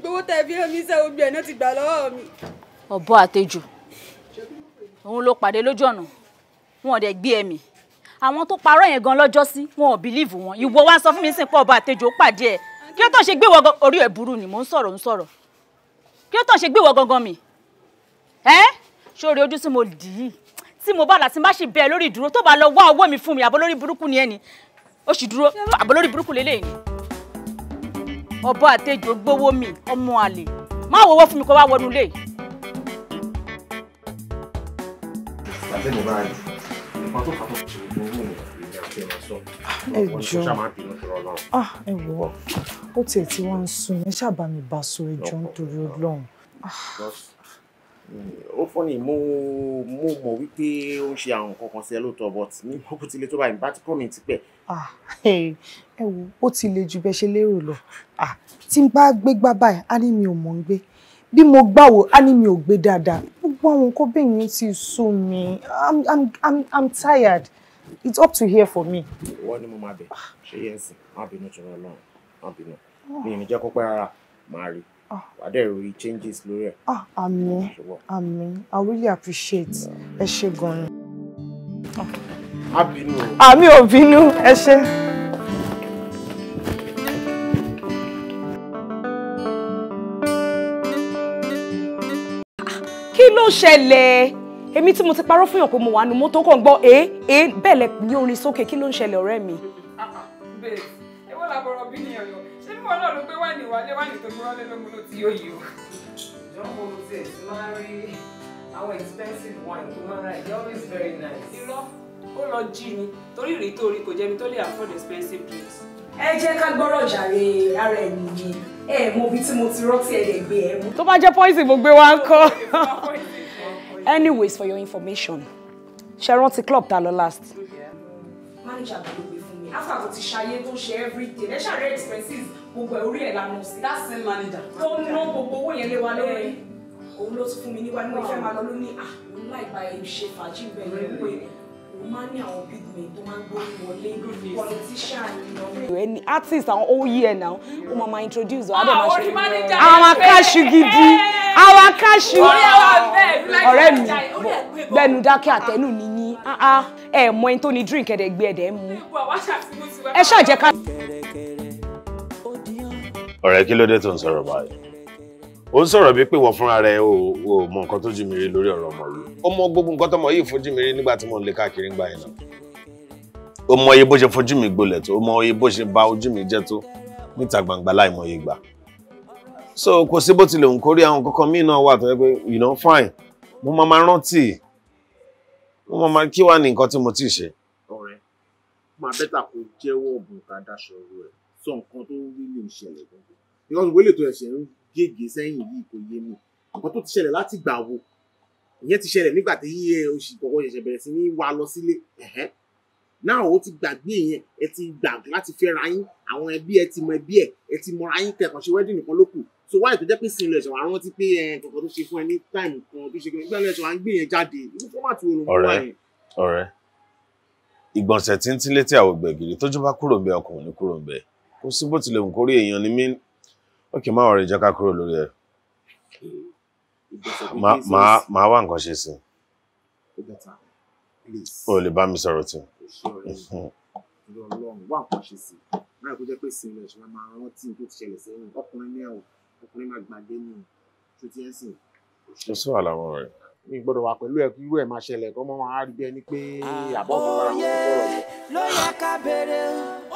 gbowó tẹ fi hàn mí sẹ́ ogbè náà ti gbà lọ́wọ́ mi. ọ̀bọ àtejò òun ló pàdé lójú ọ̀nà wọn dẹ̀ gbé ẹ̀mí àwọn tó parọ́ yẹn gan lọ́jọ́ sí wọn ò bìlíìfù wọn ìwọ wá sọ fún mi sìn pé ọ̀bọ àtejò pàdé ẹ̀ kí ló tàn ṣe gbé orí ẹ̀ burú ni mò ń sọ̀rọ̀ ń sọ̀rọ̀ kí ló tàn ṣe gbé gangan mi ẹ́ ṣó ojú sí mo dì í tí mo bá là tí n sì bẹ́ẹ̀ lórí ìdúró tó bá lọ wá owó mi fún mi àbọ̀ lórí burúkú ni ẹ ni ó sì dúró àbọ̀ burúkú lélẹ̀ ni. ọ̀bọ àtejò gbowó mi ọmọ àlè má wọwọ́ fún mi kó wá wọnú lé. mi ẹ jọ̀ọ́ ah, ẹ wọ ó tiẹ̀ tí wọ́n ń sun ẹ ṣáà bá ẹjọ́ nítorí Ọlọ́run. Ah ó fọ́nì mo mo mọ̀ wípé ó ń ṣe àwọn nǹkan kan sí ẹ lóòótọ́ but ní kókó ti le tó báyìí bá ti kọ́ mi ti pẹ́. ẹ wo ó ti le jù bẹ́ẹ̀ ṣe lérò lọ tí n bá gbé gbá báyìí á ní mi ò mọ̀ ń gbé bí mo gbàwò á ní mi ò gbé dáadáa gbogbo àwọn nǹkan bẹ́ẹ̀ yẹn ti sú mi i'm i'm i'm i'm tired it's up to here for me. ìwọ ni mo máa bẹ ṣe yẹn sìn má bínú tí wọn lọrùn má bínú mi ò ní jẹ́ kó pẹ́ rárá máa rí i. Ah. wà á dẹ̀ rí changes lórí ẹ̀. Ah, àmín àmín i really appreciate ẹ ṣe gan-an. àbínú. àmì ah, ò bínú ẹ ṣe. kí ló ṣẹlẹ̀ èmi tí mo ti parọ́ fún yàn pé mo wà nù mọ́tò kàn gbọ́ èé eh, èé eh, bẹ́ẹ̀ lẹ̀ ní orin sókè kí ló ń ṣẹlẹ̀ ọ̀rẹ́ mi. ẹ wọ́n làbọ̀rọ̀ bí ni ọ̀yọ́ wọn náà ló gbé wáìnì wálé wáìnì tó gbé wálé lómi ló ti yóò yí o. ìjọba mo ti ẹ̀ máa rí àwọn expensive wine tó máa ra it's always very nice. irọ́ ó lọ jí ni torí ìrètí orí kò jẹ́ni tó lè afford expensive drinks. ẹ jẹ́ ká gbọ́rọ̀ jàre ara ẹ̀ nìyẹn ẹ mọ ibi tí mo ti rọ́ọ̀tì ẹ̀ lè gbé ẹ mú. tó bá jẹ́ poison mo gbé wá ń kọ́. anyways for your information ṣe rántí club ta lọ last. manager bẹ̀rẹ̀ after tó ti ṣayé tó ṣe everything ẹ ṣàrẹ expenses gbogbo ẹ orí ẹ lànà sí. that same manager. tó ń ná gbogbo owó yẹn lé wa lórí òun ló tún fún mi níwájú mo fẹ́ máa lọ ló ní à ah, òun láì bá ẹ ṣe fàájì bẹ̀rẹ̀ wípé òun máa ní àwọn big men tó máa ń gbóyè wọlé politician ìnáwó. ẹni artist àwọn oyè ẹ̀ náà ó máa máa introduce ọ̀ ah, adé máa ṣe eh, àwọn akáṣu gidi àwọn mi gbẹnu dákẹ́ àtẹnu nìyẹn. Ah, ah, ẹ mọ ẹni tó ní drink ẹ̀dẹ̀ gbé ẹ̀dẹ̀ mú ẹ ṣáà jẹ́ ká. ọ̀rẹ́ kí ló dé tó ń sọ̀rọ̀ báyìí ó ń sọ̀rọ̀ bíi pé wọ́n fúnra rẹ̀ o ò mọ nǹkan tó jí mi rí lórí ọ̀rọ̀ ọmọ yìí ó mọ gbogbo nǹkan tọmọ yìí fojú mi rí nígbà tí mò ń lé káàkiri ń gbà yẹn náà ó mọ iye bó ṣe fojú mi gbolẹ̀ tó ó mọ iye bó ṣe bà ojú mi jẹ́ tó níta gbangba láìmọye gbà so kò sí bó tilẹ̀ òǹkórí àwọn kankan míì náà wà tó yẹ pé you know fine mo máa máa rántí mo mọ̀ máa kí wá ní nǹkan tí mo ti ṣe. ọ̀rẹ́ máa bẹ́tà kó jẹ́wọ́ ọ̀bùn ká dáṣọ ru ẹ̀ sọ nǹkan tó rí lè ṣẹlẹ̀ gbọ́dọ̀ because wọlé tó ẹ̀ṣẹ̀ ń gègé sẹ́yìn yìí kò yé mi nǹkan tó ti ṣẹlẹ̀ láti gbà wo ìyẹn ti ṣẹlẹ̀ nígbà tí yíyẹ oṣù kọ̀ọ̀kan ṣẹ̀ṣẹ̀ bẹ̀rẹ̀ sí ní wá lọ sílé náà ó ti gbàgbé yẹn ẹ ti gbà láti fẹ́ ra yín àwọn ẹbí ẹ ti mọ ẹbí ẹ ẹ ti mọra yín kẹkọ̀ọ́ ṣe wẹ́dìn nìkan ló so wáyé tó jẹ́ pé sin ilẹ̀ṣọ̀ àwọn ti pé ẹ eh, kọ̀kọ́ tó ṣe fún ẹ ní táìmù kan tó ṣe pé nígbà ilẹ̀ṣọ̀ à ń gbé yẹn jáde irú fọ́màtì wo ló mú wáyé. ọ̀rẹ́ ìgbọ̀nsẹ̀ tí ń tí létí àwọn gbẹ̀gìrì tójú bá kúrò ń bẹ ọkùnrin ní kúrò ń bẹ kó sí bó tilẹ̀ nǹkan orí èèyàn ni mí ó kì í má jẹ́ ká kúrò lórí ẹ̀ máa wá nǹkan ṣe sí o lè bá mi sọ̀rọ̀ tí ọlọ́run wà nǹkan ṣe sí láì kó jẹ́ pé sinmi ẹ̀ṣọ́ máa rántí tó ti sẹ́yìn ọkùnrin ní ẹ̀wọ̀n ọkùnrin máa gbàgbé ni tó ti ẹ̀ sìn. kò sí wàhálà wọn rẹ. mi gbọ́dọ̀ wà pẹ̀lú ẹ kí irú ẹ máa ṣẹlẹ̀ kọ mọ máa rí bí ẹni pé àbọ kan lára wọn bọrọ lọ. ló yẹ ká béèrè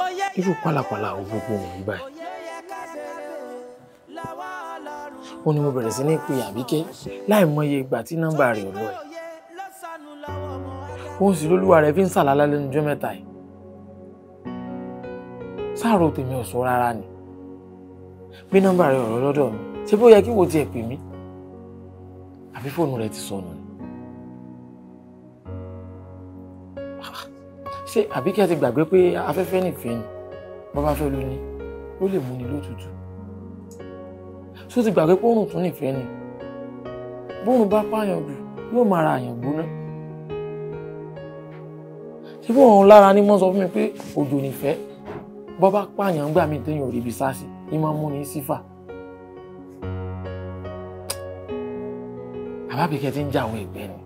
oyè yẹ. irú pálapàla ò gbogbo òun gbà yìí. ó ní mo bẹ̀rẹ̀ sí ní pe àbíké láì mọye ìgbà tí nọ́mbà rẹ̀ lọ ẹ̀. òun sì lólúwa rẹ̀ fi ń sàlálá lẹ́nu ọjọ́ mẹ́ta yìí. sáàrò tèmi ò sọ rárá ni gbé nọ́mbà rẹ ọ̀rọ̀ lọ́dọ̀ mi ṣé bó yẹ kí wo tiẹ̀ pè mí àbí fóònù rẹ ti sọnù ni. Ah, ṣé àbí kí ẹ ti gbàgbé pé afẹ́fẹ́ nìfẹ́ ni bọ́ bá fẹ́ ló ní ó lè múni lótùtù ṣó ti gbàgbé pé òrùn tún nìfẹ́ ni bóun bá pààyàn jù yóò máa ra àyàn gbóná ṣé bóun lára ní mọ́ sọ fún mi pé òjò nìfẹ́ bọ́ bá pààyàn gbà mí téèyàn ò rí ibi sá sí ìmọ̀ mú ní sífà. àbábíkẹ́ ti ń jà àwọn ìgbẹ́ ni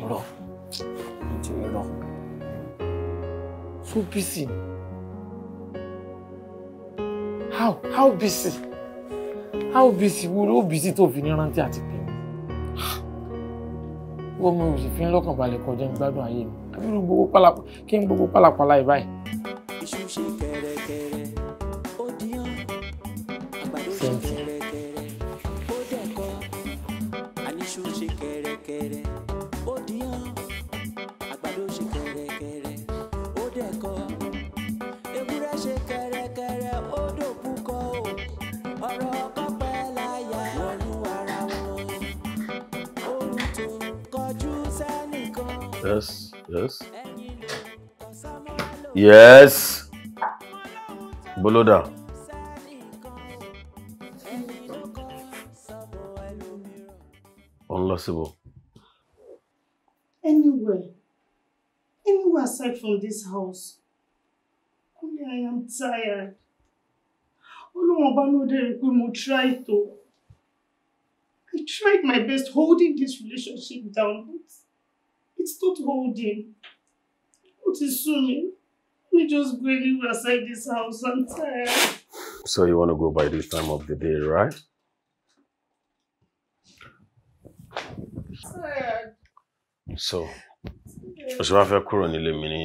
irọ́ ìjọ irọ́ so busy how how busy how busy wo ló busy tó fi ní rántí àti pè mí wọ́n mi ò sì fi ń lọ́kàn balẹ̀ kọjá ń gbádùn ayé mi àbí gbogbo pálapàla kí n gbogbo pálapàla yìí báyìí. Yes. Boloda. Unlossable. Anywhere. Anywhere aside from this house. Only I am tired. try to. I tried my best holding this relationship down, but it's not holding. It is ti me just go anywhere outside this house. I'm tired. So you want to go by this time of the day, right? I'm So, I wá fẹ́ kúrò nílé mi ní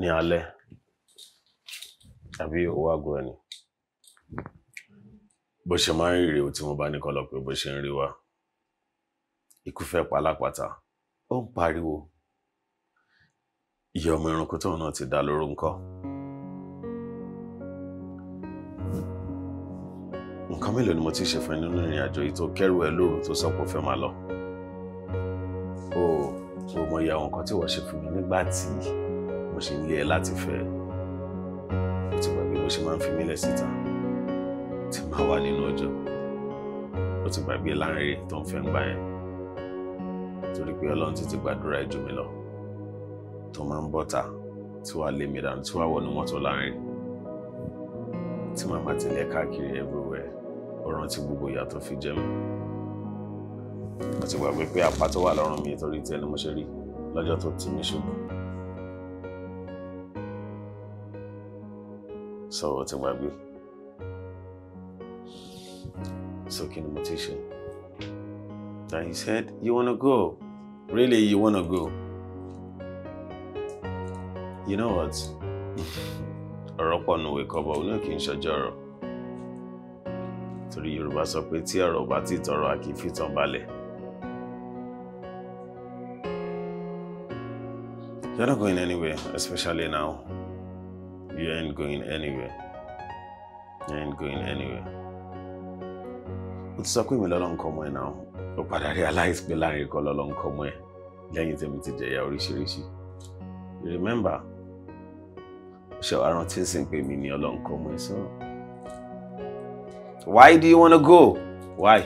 ní alẹ́ àbí owó àgọ́ ẹni bó ṣe máa ń rí rèé tí mo bá ní kọlọ pé bó ṣe ń rí wa ikú fẹ́ pariwo ìyá ọmọ ẹranko tóun náà ti dá lóró ńkọ́. nǹkan mélòó ni mo ti ṣe fún ẹ nínú ìrìn àjò yìí tó kẹ́rù ẹ lóru tó sọ pé ó fẹ́ máa lọ. o ò mọ iye àwọn nǹkan tí wọ́n ṣe fún mi nígbà tí mo ṣe ń lé láti fẹ́ mo ti gbàgbé bó ṣe máa ń fi mí lẹ̀ síta tí máa wà nínú ọjọ́. mo ti gbàgbé láńrẹ́ tó ń fẹ́ ń gbà yẹn. torí pé ọlọ́run ti ti gbàdúrà ẹ jù mí lọ tó máa ń bọ́ta tí wàá lé mi dànù tí wàá wọnú mọ́tò láàrin tí màá máa tẹ̀lé káàkiri everywhere ó rántí gbogbo ìyà fi jẹ mí mo ti gbàgbé pé àpá wà lọ́rùn mi torí tí mo ṣe rí lọ́jọ́ tó tì mí ṣubú. sọ̀rọ̀ ti gbàgbé so kí ni mo ti ṣe. And he said, You wanna go? Really, you wanna go? you know what ọ̀rọ̀ pọ̀ nù wẹ̀kọ̀ bọ̀ òun náà kì í ṣọjọ́ ọ̀rọ̀ torí yorùbá sọ pé tí ọ̀rọ̀ bá ti tọrọ a kì í fi tán balẹ̀. You're not going anywhere, especially now. You ain't going anywhere. You ain't going anywhere. Ó ti sọ pé mi lọ́lọ́ nǹkan mọ́ ẹ náà. Ó padà realize pé láàrin kan lọ́lọ́ nǹkan mọ́ ẹ lẹ́yìn tẹ̀mí ti jẹ̀yà oríṣiríṣi. You remember? don't rántí sí pé mi ni ọlọ́run kọ́ ọmọ ẹ So, Why do you wanna go? Why?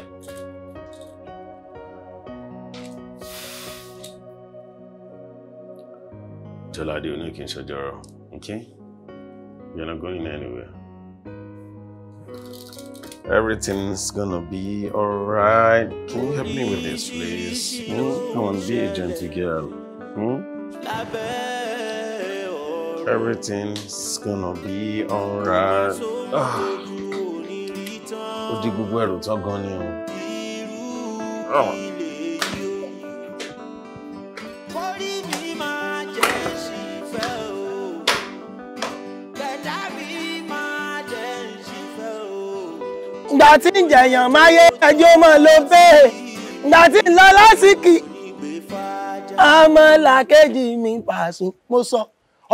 Jolade Onukin Shajoro, okay? You're not going anywhere. Everything's gonna be alright. Can you help me with this, please? I hmm? Come on, be a gentle girl. Hmm? everything's gonna be alright. Ah. ó di gbogbo ẹrù tán gan ni o. Ah. ìgbà tí ń jẹ̀yàn máa yé ẹjọ́ mọ́ ló fẹ́ ìgbà tí ń lọ lásìkò àmọ́ làkejì mi pàṣẹ mo sọ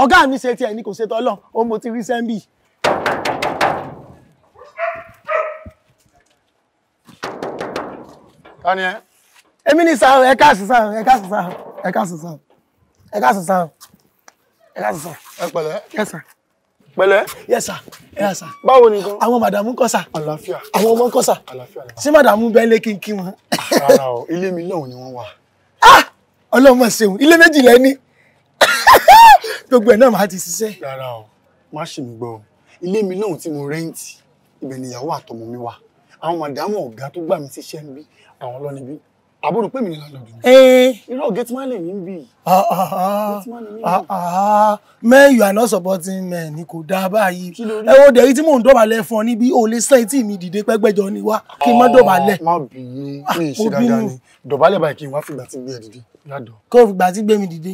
ọ̀gá mi ṣe tiẹ̀ ni kò ṣe tọ́lọ̀ ó mo ti rí sẹ́ńbì. tani ẹ. èmi ni sàrò ẹ káàsì sàrò ẹ káàsì sàrò ẹ káàsì sàrò ẹ káàsì sàrò ẹ káàsì sàrò. ẹ pẹ̀lẹ́. yes sir. pẹ̀lẹ́. yes báwo ni gan. àwọn màdàmú kọ́ sà. àlàáfíà. àwọn ọmọ kọ́ sà. àlàáfíà làwọn. sí màdàmú bẹ́ẹ̀ lé kínkín wọn. rárá o ilé mi lọ́hùn ni wọ́n wà. Ah! ọlọ́mọ ṣeun ilé méjì gbogbo ẹ̀ náà máa ti ṣiṣẹ́. rárá o má ṣì ń gbọ́ ilé mi náà tí mo rẹ́ǹtì ibẹ̀ níyàwó àtọmọ mi wà àwọn màdámù ọ̀gá tó gbà mí síṣẹ́ ń àwọn lọ́ni bí àbúrò pé mi ní lọ́dún. Eh. irọ́ gateman lè ní bí. men you are not supporting men ni kò dáa báyìí. ẹ wo dẹ̀rí tí mò ń dọ̀bálẹ̀ fún ọ níbí o lè sẹ́yìn tí mi dìde pẹ́gbẹ́jọ ni wá kí n má ah, dọ̀bálẹ̀. má bínú mi ì ah, ṣe dáadáa ni dọ̀bálẹ̀ báyìí kí n wá fìgbà tí gbé ẹ dìde ládọ̀. kó fìgbà tí gbé mi dìde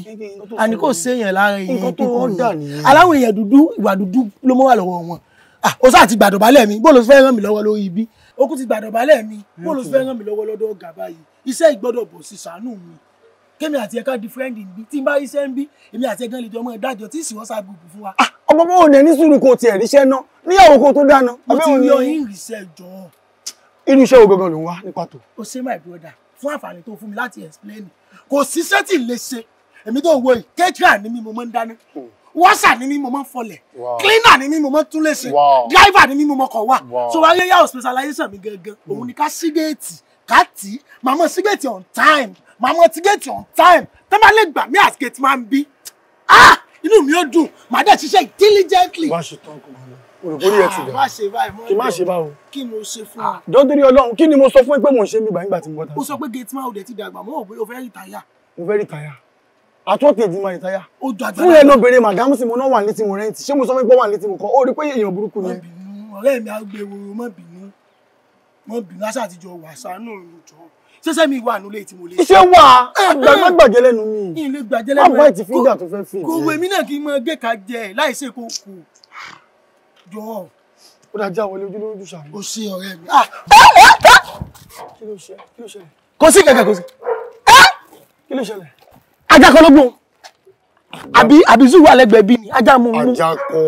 àní kò séèyàn lára èèyàn kíkún yẹn aláwọ̀ èèyàn dúdú ìwà dúdú ló mọ́ wà lọ́wọ́ wọn. ó ah, sáà ti gbàdọ̀bálẹ̀ mi bó ló fẹ́ ràn mí lọ́wọ́ lórí ibi okùn ti gbàdọ̀bálẹ̀ mi mo lọ fẹ́ ràn mí lọ́wọ́ lọ́dọ̀ ọ̀gá báyìí iṣẹ́ ìgbọ́dọ̀ bọ̀ sí ṣàánú mi kémi àti ẹ̀ka di friend nbí tí n bá iṣẹ́ nbí èmi àti ẹ̀gán lè jọ ọmọ ẹ̀ dájọ́ tí ìsìn wọn ṣá gbùgbù fún wa. Ah, ọmọ bá wọn ní sùúrù kó tiẹ̀ ríṣẹ́ ná níyàwó kó tó dáná. mo ti yọ yín ríṣẹ́ jọ. irú iṣẹ́ wo gangan ló ń wá ní pàtó. o ṣe my brother fún àǹfààní tó fún mi láti explain kò síṣẹ́ tí ì lè ṣe èmi tó wo yìí kéjìlá ni mi mo máa ń dáná oh wọ́ṣà ni mí mo máa ń fọlẹ̀ cleaner ni mí mo máa ń túnlẹ̀ ṣe driver ni mí mo máa kọ̀ wà so wáyé yà ò specialization mi gangan hmm. òun ni ká sí géètì ká tì í màá mọ̀ sí géètì on time màá mọ̀ sí géètì on time tẹ́ bá lè gbà mí as gate man ń bí ah inú mi ó dùn màá dẹ̀ ṣiṣẹ́ diligently. wá ṣe tán kò mọ olùkórí ẹ ti dẹ ah! kí má ṣe báwo kí mo ṣe fún ọ. dọ́ndírí ọlọ́run kí ni mo sọ fún ẹ pé mò ń ṣe mí gbàgbà tí mo bọ́ta. ó sọ pé gate man ò dẹ̀ ti dàgbà mọ́ òwe ó fẹ́ rìtáyà. mo fẹ́ rìtáyà àtọ́tẹ̀ ìdí máa ìtayá fún ẹ lóbìnrin màdámù sí mo náà wà létí mo rẹ́ǹtì ṣé mo sọ fún pé wà létí mo kọ́ ó rí pé èèyàn burúkú ni. ọ̀rẹ́ agbèrò mọ́ bínú mọ́ bínú aṣá àtijọ́ wà sánú ìjọ ṣẹṣẹ mi wà nílé tí mo lè. iṣẹ́ wà eh, àgbàgbà eh. gbàjẹ́ lẹ́nu mi ilé gbàjẹ́ lẹ́nu mi bàbá ìtì fíńgà tó fẹ́ fi. kò wèmí náà kí n máa gé ka jẹ láìsè kó kù jọ. ó dájá wọlé ojúlójú sàmì. o ṣe ọ̀rẹ́ mi. Ah! Ah! Ah! kí ló ṣẹlẹ̀ kí ló ṣẹlẹ̀. kò sí kẹ̀kẹ́ kò sí. kí ló ṣẹlẹ̀ ajá kan ló gbóhùn àbí àbí zoo wà lẹ́gbẹ̀ẹ́ bí ni ajá mú mú. ajá kọ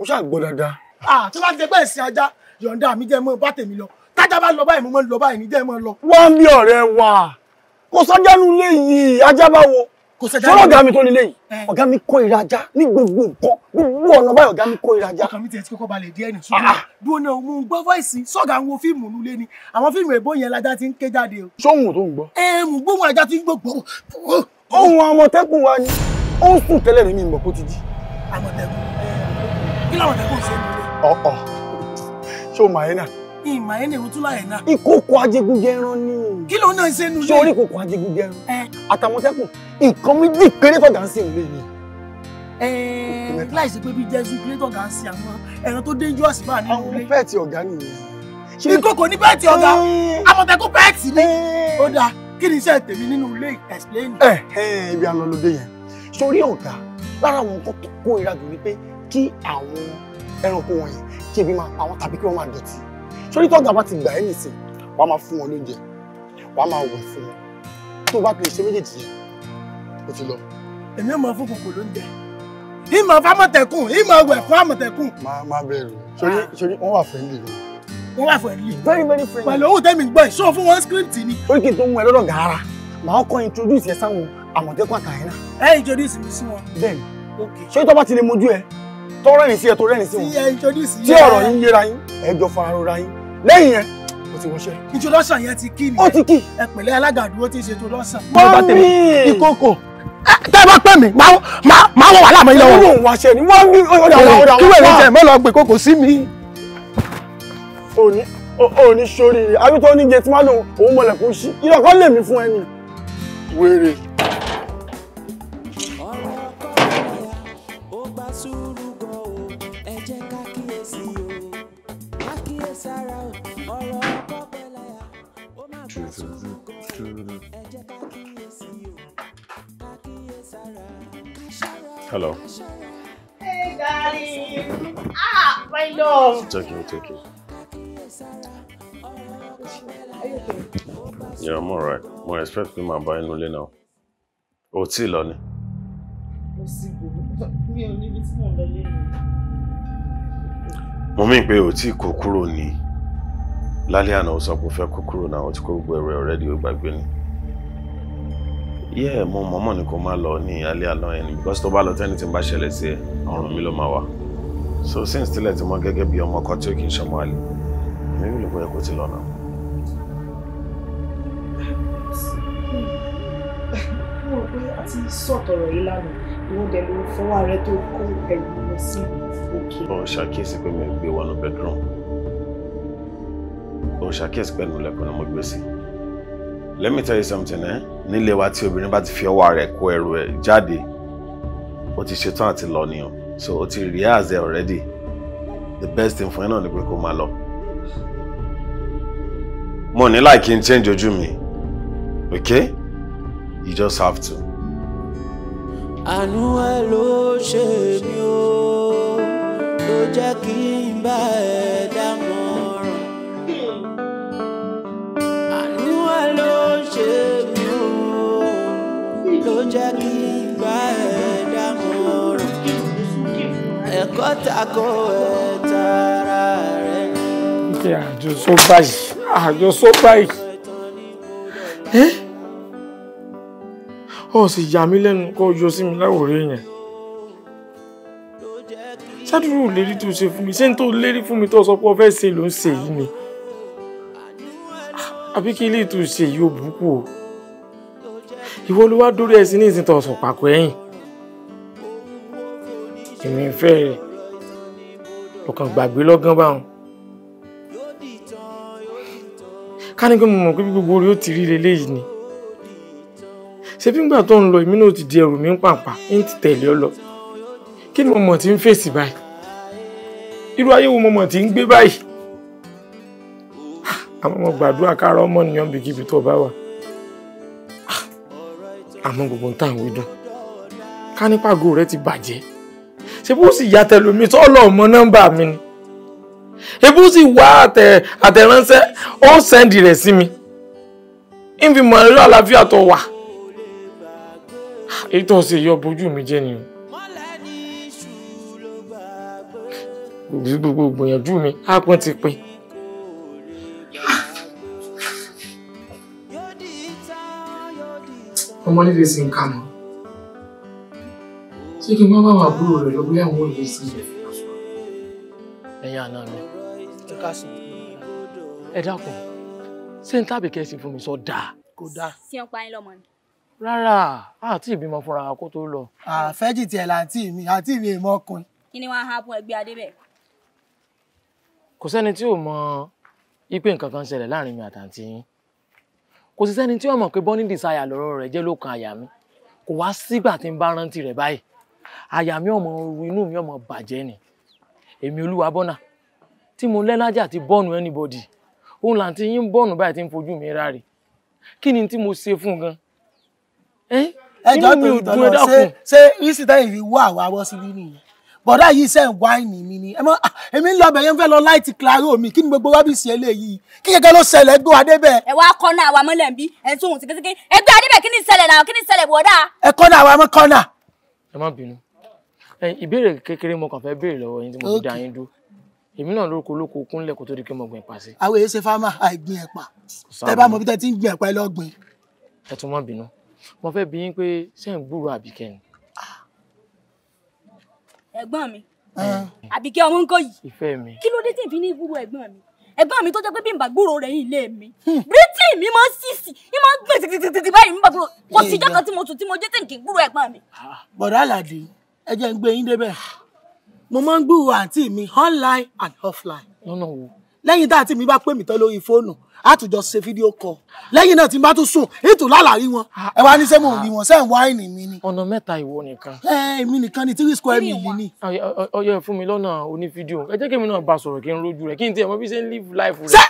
ó ṣàgbọ́ dáadáa. ah tí wọ́n ti jẹ́ pé ẹ̀sìn ajá yọ̀ǹda mi jẹ́ mọ́ bá tèmi lọ tájá bá lọ báyìí mo mọ́ lọ báyìí ní jẹ́ mọ́ lọ. wá ń bí ọ̀rẹ́ wa kò sọ́jà nu ilé yìí ajá bá wo sọ́rọ̀ ọ̀gá mi tó nílé yìí ọ̀gá mi kó ìra ajá ní gbogbo nǹkan gbogbo ọ̀nà báyìí ọ̀gá mi kó ìra ajá. ọkàn mi tiẹ̀ ti kọ́kọ́ balẹ̀ díẹ̀ nì ṣùgbọ́n ah, ah. dúró náà mo ń gbọ́ fọ́ìsì sọ́ọ̀gà ń wo fíìmù nulẹ̀ ni àwọn fíìmù èbó yẹn lajá ti ń ké jáde o. sóhun tó ohun àmọ̀tẹ́kùn wa ni ó ń sùn tẹ́lẹ̀ rí mi mọ̀ kó ti jí. àmọ̀tẹ́kùn kí làmọ̀tẹ́kùn ṣe é nílé. ọ̀ọ̀ ṣé o màáyé náà. ìmọ̀ ayé lèun tún láyé náà. ìkókò ajégúnjẹran ni. kí ló náà ṣe nulẹ̀. ṣé orí ìkókò ajégúnjẹran. àtàmọ̀tẹ́kùn nǹkan méjì péré tọ̀gá ń sìn nílé ni. láìsí pé bí jésù péré tọ̀gá ń sìn àwọn ẹran tó kí ni iṣẹ́ tèmi nínú ilé explain. ẹ ẹ ibi alọlọdẹ yẹn sórí ọ̀gá lára àwọn nǹkan tó kó ìrajù ni pé kí àwọn ẹranko wọ̀nyẹn kí ebi máa pa wọn tàbí kí wọ́n máa dọ̀tí sórí tọ́gà bá ti gbà ẹ́ nìsín wàá máa fún wọn lóúnjẹ wàá máa wẹ̀ fún wọn tó bá ti lè ṣe méjèèjì yẹn ó ti lọ. èmi ò máa fún kòkò lóúnjẹ ìmọ̀ fámọ̀tẹ̀kùn ìmọ̀ wẹ̀ fún àmọ̀tẹ̀kùn. má má bẹ̀rù sórí ah. sórí wọ́n wà friendly lónìí wọ́n wà fún ẹ̀lì. very very friendly. pẹ̀lú owó tẹ́mi gbọ́ ẹ̀ sọ fún wọn script ni. oríkì tó ń wẹ lọ́dọ̀ gàárà màá kọ́ introduce ẹ sáwọn àmọ̀tẹ́kùn àkàyẹ́nà. ẹ introduce mi sí wọn. bẹ́ẹ̀ni ṣé tó bá ti lè mojú ẹ tó rẹ́rìn sí ẹ tó rẹ́rìn sí wọn. tí ọ̀rọ̀ yín yẹra yín ẹ jọ fararora yín lẹ́yìn yẹn kò ti wọ́ṣẹ́. introduction yẹn ti kí ni. ó ti kí. ẹ pẹ̀lẹ́ alága àdúró tí ń ṣe introduction. wọ́n mi ìkókò tẹ́ ẹ bá pẹ́ mi máa wọ wàhálà mọ́ ilé wọn. ìwọ òun wàṣẹ ni wọ́n mi. kí wẹ́rẹ́ jẹ́ mọ́ lọ gbé kókò sí mi òní òní sóríire àbí tó ní gẹ̀tì má lòun òun mọ̀lẹ̀ kó sí ìrọ̀kọ́ lè mí fún ẹni wèrè. Hello. Hey, darling. Ah, my love. It's okay, it's okay. Yeah, I'm alright. Mo expect pé màá bá yín nílé náà. O tí lọ ni. Mo sì bò ó. Mi ò níbi tí mò ń lọ lé mi. Mo mí pé o tí kó kúrò ní. Lálẹ́ o ti kó gbogbo ẹ̀rọ ọ̀rẹ́dì o gbàgbé ni. Yẹ́ mo mọ̀mọ́ ni kò má lọ ní alẹ́ àná yẹn because tó bá lọ tẹ́ni tí ń bá ṣẹlẹ̀ sí mi ló máa wà. So since tílẹ̀ ti mọ́ gẹ́gẹ́ bí ọmọ kan tí ó kì í ṣọmọ àlè, mi ò lè bọ́ ẹ ti lọ náà. mo rò pé a ti sọ̀tọ̀rọ̀ yìí lánàá ìwọ dẹ̀ ló fọwọ́ rẹ tó kó ẹ̀rù lọ sí òkè. mo ṣàkíyèsí pé mi ò gbé wọnú bedroom mo ṣàkíyèsí pé ẹnu lẹ́kùn ni mo gbé sí. let me tell you something eh? nílé wa tí obìnrin bá ti fi ọwọ́ rẹ̀ kó ẹrù ẹ̀ jáde ó ti ṣetán àti lọ nìyàn so ó ti rehearse ẹ already the best thing fún ẹ náà ni pé kó máa lọ. mo ní láì kí n change ojú mi okay. You just have to. Àánú ẹ ló ṣe mí o, ló jẹ́ kí ó sì yà mí lẹ́nu kó yọ sí mi láwòrán èèyàn ṣáàdúró lérí tó ṣe fún mi ṣé n tó lérí fún mi tó sọ pé ọ fẹ́ ṣe ló ń ṣe yìí ni àbí kí ilé ìtò ṣe yìí ó burúkú o ìwọ ló wá dórí ẹsìn ní ìsìn tó sọ pàkó ẹ̀yìn èmi ń fẹ́ rẹ̀ ọkàn gbàgbé lọ́gán báwọn ká ní pé mo mọ̀ pé gbogbo orí ó ti rí leléyìí ni ṣé bí ngbà tó ń lọ èmi náà ti di ẹrù mi ń pàǹpà ń ti tẹ̀lé ọ lọ kí ni mo mọ̀ tí ń fèsì báyìí irú ayé wo mo mọ̀ tí ń gbé báyìí ah, àmọ́ mo gbàdúrà káàárọ̀ ọmọ nìyàn bìkíbi tó bá wà ah, àmọ́ gbogbo ń tà ń ká nípa àgọ́ rẹ ti bàjẹ́ ṣé bó sì ya tẹlomi tó lọ mọ nọ́mbà mi ni ebú sì wá àtẹ àtẹ̀ránṣẹ́ ó ń sẹ́ndì rẹ̀ sí mi ń fi mọ̀ ẹ̀rọ àlàáfíà tó wà èyí tó ṣe yọ bojú mi jẹ́ ni gbogbo gbìyànjú mi ápọn ti pin. ọmọ nílé sì ń kànà ṣé kí n má bá àwọn àbúrò rẹ lọ bóyá àwọn òye sí ilẹ̀. ẹ̀yin àná mi ẹ dákun ṣé n tàbí kẹ́sì fún mi sọ dáa. kò dáa. ṣé ń pa yín lọ́mọ ni rárá àti ìbímọ fúnra wa kó tó lọ. àfẹ́jì tiẹ̀ làǹtí mi àti mi èèmọ ọkùnrin. kí ni wàá hápọ̀ ẹgbẹ́ adébẹ̀. kò sẹ́ni tí ò mọ ipe nǹkan kan ṣẹlẹ̀ láàrin mi àtàǹtí yín kò sì sẹ́ni tí ò mọ̀ pé bọ́ní dìsáyà lọ́rọ̀ rẹ̀ jẹ́ ló kan àyà mi kò wá sígbà tí ń bá rántí rẹ̀ báyìí àyà mi ọmọ ru inú mi ọmọ bàjẹ́ ni èmi olúwa bọ́nà tí mo lẹ́lájà ti bọ́ọ̀nù anybody òun làǹtí yín bọ́ọ̀nù báyìí ti ń fojú mi rárẹ̀ kí ni tí mo ṣe fún gan-an ẹjọ́ tó ń tọ́lọ ṣe ṣe rísì tẹ́yìn fi wá àwa wọ́ síbí nìyẹn bọ̀dá yìí ṣe ń wáìnì mi ni ah, èmi ń lọ bẹ̀yẹn fẹ́ lọ láìtì claro mi kí ni gbogbo wábì sí eléyìí kí kẹ̀kẹ́ ló ṣẹlẹ̀ gbé wa débẹ̀. ẹ wá kọ́nà àwa mọ́lẹ̀ ń bí ẹ̀ tó hùn tìkẹ́tìkẹ́ ẹgbẹ́ adébẹ̀ kí ni ṣẹlẹ̀ náà kí ni ṣẹlẹ̀ bọ̀dá. ẹ kọ́nà àwa mọ́ kọ́nà. ẹ má bínú ìbéèrè kékeré mo kàn fẹ́ béèrè lọ́wọ́ yín tí mo fi dá yín dúró èmi náà lóko lóko kúnlẹ̀ kó tó di pé mo gbìn ẹ̀pà sí. àwọn èyí ṣe fámà àìgbìn ẹ̀pà tẹ bá mọ bí tẹ ti ń gbìn mo fẹ́ bi yín pé ṣé ń gbúrò àbíkẹ́ ni. Ah, ẹ̀gbọ́n mi ah. àbíkẹ́ ọmọ ńkọ́ yìí ìfẹ́ mi kí ló dé tí n fi ní gbúrò ẹ̀gbọ́n mi ẹ̀gbọ́n mi tó jẹ́ pé bí n bá gbúrò rẹ̀ yìí lé mi hmm. bírítì mi máa ń sísì mi máa ń gbé tìtìtìtì báyìí mi bá gbúrò kò sí jọ́kan tí mo tún tí mo jẹ́ tí n kì í gbúrò ẹ̀gbọ́n mi. Ah. bọ̀dá àlàdé ẹ jẹ́ ń gbé yín débẹ̀ mo máa ń gbúrò àǹtí mi online and offline. lọ́nà wo lẹ́yìn dáàtì mi bá pè mí tán lórí fóònù àtùjọ ṣe fídíò kọ lẹ́yìn náà tí n bá tún sùn ètò lálàrí wọn ẹ wá ní sẹ́ mo rí wọn sẹ́ ń wá ìní mi ni. ọ̀nà mẹ́ta ìwọ nìkan. ẹ èmi nìkan ni three square mil ni. ọyọ fún mi lọ́nà oní fídíò ẹ jẹ́ kí èmi náà bá sọ̀rọ̀ kí n rojú rẹ̀ kí n tiẹ̀ mọ bí ṣe ń live life rẹ̀. ṣé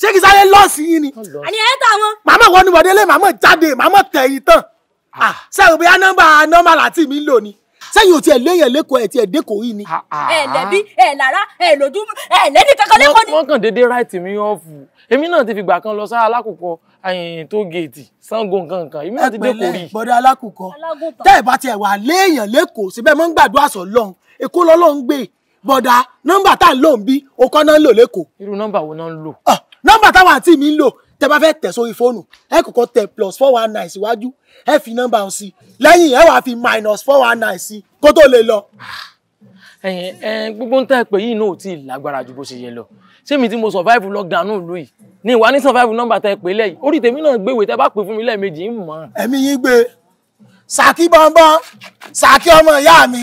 ṣé kí sáré lọ́ọ̀sì yín ni. àní ẹ ta wọn. màmá wọn ni wọlé lé màmá jáde màmá tẹ̀yìn tán. sẹ́rù ah. ah, bí sẹ́yìn ò tiẹ̀ léyìn lẹ́kọ̀ọ́ ẹ̀ tiẹ̀ dẹ́kọ̀ọ́ yìí ni. Ah, ah. ẹ lẹ́bí ẹ lára ẹ lójú ẹ lẹ́ni kankan lẹ́kọ̀ọ́ ni. wọ́n kàn déédéé ráìtì mi ọ̀fù èmi náà ti fìgbà kan lọ sára alákòókò tó géètì sango nkankan èmi náà ti dẹ́kọ̀ọ́ rí. bọ́dọ̀ alákòókò tẹ́ ẹ bá tiẹ̀ wà léyìn lẹ́kọ̀ọ́ síbẹ̀ mọ́ ń gbàdúrà sọ lọ́hùn èkó lọ́lọ́hún gbé bọ́dà nọ́mbà tá à ń lò ń bí okọ́ náà ń lò lẹ́kọ̀ọ́. irú nọ́mbà wo náà ń lò. Ah, nọ́mbà táwọn àǹtí mi ń lò tẹ bá fẹ́ tẹ̀ sórí fóònù ẹ kọ́kọ́ tẹ plus four one nine síwájú ẹ fi nọ́mbà ọ̀hún sí lẹ́yìn ẹ wàá fi minus four one nine sí kó tó lè lọ. Ah. gbogbo ń tẹ́ pé yìí náà ò tí ì lágbára ju bó ṣe yẹ lọ ṣé mi tí mo survive lockdown náà lóyìí ni ìwà ní survive Number tẹ pé lẹ́yìn orí tèmi náà gbéwèé tẹ bá pè fún mi lẹ́ẹ̀mejì ń mọ̀. ẹ̀mí yín gbé sàkí bọ́ńbọ́n sàkí ọmọ ìyá mi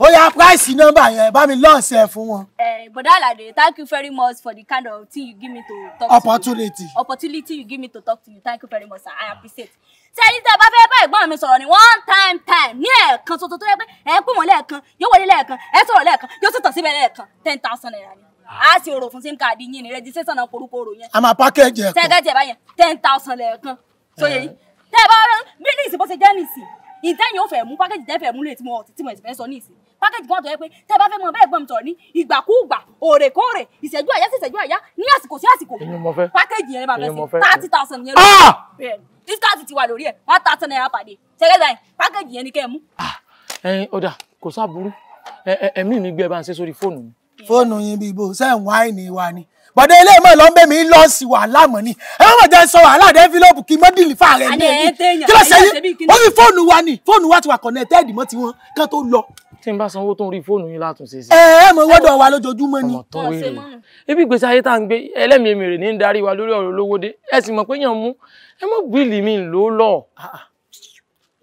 ó yá price number yẹn bá mi lọ́ọ̀sì ẹ̀ fún wọn. Eh, bọ̀dá Alade thank you very much for the kind of thing you give me to talk opportunity. to you opportunity you give me to talk to you thank you very much sir I appreciate. ṣé ẹni tẹ́ ẹ bá fẹ́ bá ẹ̀gbọ́n mi sọ̀rọ̀ ni one time time ní ẹ̀ẹ̀kan tuntun tó yẹ pé ẹ pè wọ́n lẹ́ẹ̀kan yóò wọlé lẹ́ẹ̀kan ẹ sọ̀rọ̀ lẹ́ẹ̀kan yóò sì tàn síbẹ̀ lẹ́ẹ̀kan ten thousand naira ni a sì rò fún sim card yín ní registration náà korúkọ rò yẹn. a package ẹ̀kan. tẹ́gẹ́ tiẹ̀ báyẹn ten thousand lẹ́ẹ̀kan sóye yìí tẹ́ ẹ bá bí ní ìsìn bó ṣe jẹ́ nìsín ìtẹ́yìn ò fẹ́ mú package tẹ́ fẹ́ mú lè tí mo ti mọ̀ ẹ̀sìn fẹ́ sọ ní ìsìn package kan tó yẹ pé tẹ́ bá fẹ́ mọ bẹ́ẹ̀ gbọ́n mi tọ̀rọ̀ ní ìgbàkúùgbà òrèkóòrè ìṣẹ́jú àyà sí ìṣẹ́jú àyà ní àsìkò sí àsìkò package yẹn lè máa fẹ́ sí thirty thousand yẹn lórí ah! bẹ́ẹ̀ discount ti wà lórí ẹ̀ one thousand naira pàdé ṣẹ́gẹ́ báyìí package yẹn ni kẹ́ ẹ mú. Ah! ẹyin ọ̀dà kò sáàbùrú ẹ̀mí mi gbé ẹ bá ń ṣe sórí fóònù mi. fóònù yín bíi ibo sẹ́ ń wáìnì wa ni bọ̀dé ilé ìmọ̀ ló ń bẹ̀ mí lọ sí wàhálà mọ̀ ni ẹ má jẹ́ sọ wàhálà dé fílọ́ọ̀bù kí mọ́dìlì fà rẹ̀ ní ẹ̀yìn kí ló ṣe yín ó fi fóònù wa ni fóònù wa ti wà kọ̀nẹ́tẹ́ẹ̀dì mọ́ tiwọn kán tó lọ tí n bá sanwó tó ń rí fóònù yín látún ṣe sí. ẹ ẹ mọ wọdọ wa lójoojúmọ́ ni. ọmọ tó wéré ibi ìgbésí ayé tá à ń gbé ẹlẹ́mìí mèrè ní ń darí wa lórí ọ̀rọ̀ olówó dé ẹ sì mọ̀ pé yàn mú ẹ mọ̀ bíìlì mi ló lọ.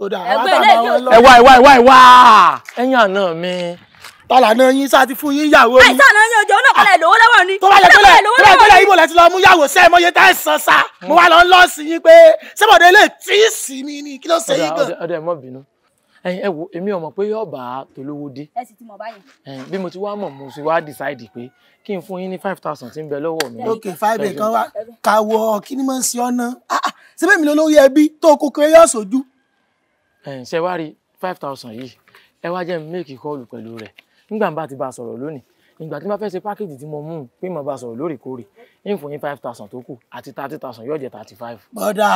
ẹwà ẹwà ẹwà ẹwà ẹ̀yin àná mi. tọ́lá náà yín sáà ti fún yín yàwó yín. àìsàn náà yín ọjọ́ náà kọ́lẹ̀ lówó lọ́wọ́ ni. tó bá lẹ tẹ́lẹ̀ tó bá tẹ́lẹ̀ ibo lẹ ti lọ mú yàwó tá ẹ̀ san sa mo wá lọ lọ́ọ̀sì yín pé sẹ́mọ̀dé ẹ wo èmi ò mọ̀ pé yóò bá tolówó dé. ẹ sì ti mọ̀ báyìí. bí mo ti wá mọ̀ mo ti wá decide pé kí n fún yín ní five thousand tí ń bẹ lọ́wọ́ mi. ok five ẹ̀ kan wá kàwọ́ kí ni máa ń ṣe ọ́ náà síbẹ̀ ah, ah, mi lólórí ẹbí tó kó crayons ojú. ṣe wá rí five thousand yìí ẹ wá jẹ́ mi méèkì kọ́ọ̀lù pẹ̀lú rẹ̀ nígbà bá ti bá a sọ̀rọ̀ lónìí ìgbà tí mo fẹ́ ṣe pákéjì tí mo mú un pé mo bá a sọ̀rọ̀ lóòrèkóòrè ń fún yín five thousand tó kù àti thirty thousand yóò jẹ́ thirty five. bọ́dà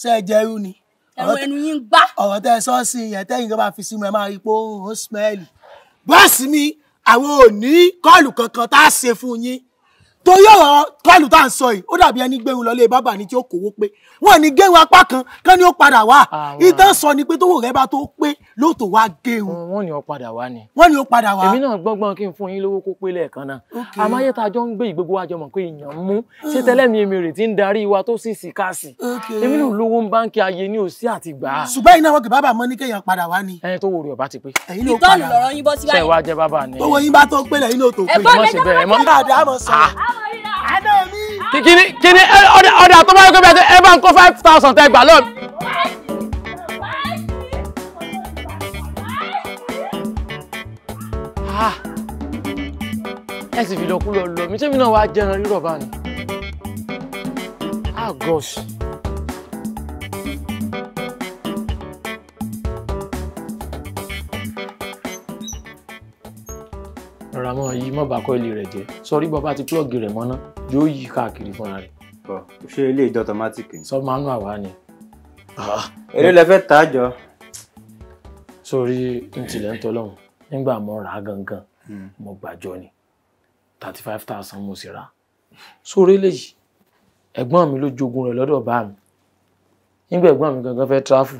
ṣe é jẹ́rú ni ẹ̀wọ̀n ẹnu yín gbá. ọ̀rọ̀ tẹ sọ́ọ̀sì yẹn tẹ́yìn tó bá fi símu ẹ máa rí i pé ó ń smẹ́ẹ̀lì. bọ́ọ̀sì mi àwọn ò ní kọ́ọ̀lù kankan tá a ṣe fún yín torí ọ̀rọ̀ kọ́ọ̀lù tá à ń sọ yìí ó dàbí ẹni gbẹ̀rún lọlé bábà ni tí ó kówó pé wọ́n ní gẹ̀rún apá kan kán ni ó padà wá ìtàn sọ ni pé tówó rẹ bá tó pé lóòótọ́ wá gẹ̀rún. wọ́n ní ó padà wá ni. wọ́n ní ó padà wá. èmi náà gbọ́ngbọ́n kí n fún yín lówó kó pé lẹ́ẹ̀kan náà àmọ́ ayé tá jọ ń gbé ìgbógun àjọ mọ̀ pé èèyàn mú ṣé tẹ́lẹ̀ mi rè ti ń darí wa tó sì sì káàsì èmi Kini, kìní ọ̀dà ọ̀dà tó bá yẹ kó bẹ́ẹ̀ tó ẹ bá ń kó five thousand tẹ gbà lọ. ẹ sì fi lọ kú lọ lọ mi ṣé mi náà wàá jẹran rírọ̀ bá ah gosh. rọra mọ́ yí mọ́ bá kọ́ìlì rẹ̀ jẹ́ sọrí bọ́ ti plọ́ọ̀gì rẹ̀ mọ́ná yóò yí káàkiri fúnra rẹ̀. ṣé ilé ìjọ automatic sọ manual wa ni. eré ah, lẹ fẹ́ tà á jọ. sórí ntìlẹ̀ ń tọ́lọ́hún nígbà mo rà gangan hmm. mo gbàjọ ni thirty five thousand mo sì rà á léyìí ẹ̀gbọ́n mi ló jogun rẹ̀ lọ́dọ̀ bá mi nígbà ẹ̀gbọ́n mi gangan fẹ́ tráfù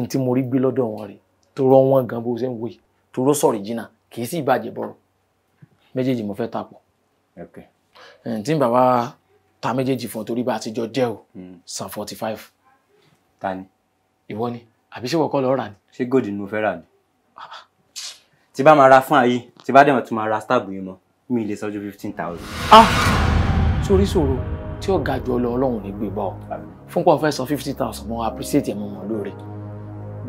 ní tí mo rí gbé lọ́dọ̀ wọn rè torọ́ wọn gan bó ṣe ń wòye torọ́ sọ̀rọ̀ jìnnà kì í sì bàjẹ́ bọ̀rọ̀ méjèèjì mo fẹ́ tà pọ̀ tí n bàbá ta méjèèjì fún ọ torí bá a ti jọ jẹ́ o hmm. san forty five. ta ni. ìwọ ni àbí ṣé wọ́kọ́ lọ́ọ́ rà ni. ṣé gòdì ni mo fẹ́ rà ni. tí bá máa ra fún ààyè tí bá dẹ̀ tún máa ra stáàbù yìí mọ́ mi lè sọ́jú fifteen thousand. ah sórí sòro tí ọ̀gá jù ọ lọ ọlọ́run ní gbé bọ́ fún pọ̀ fẹ́ san fifty thousand mo appreciate ẹ̀ mo mọ̀ lóore.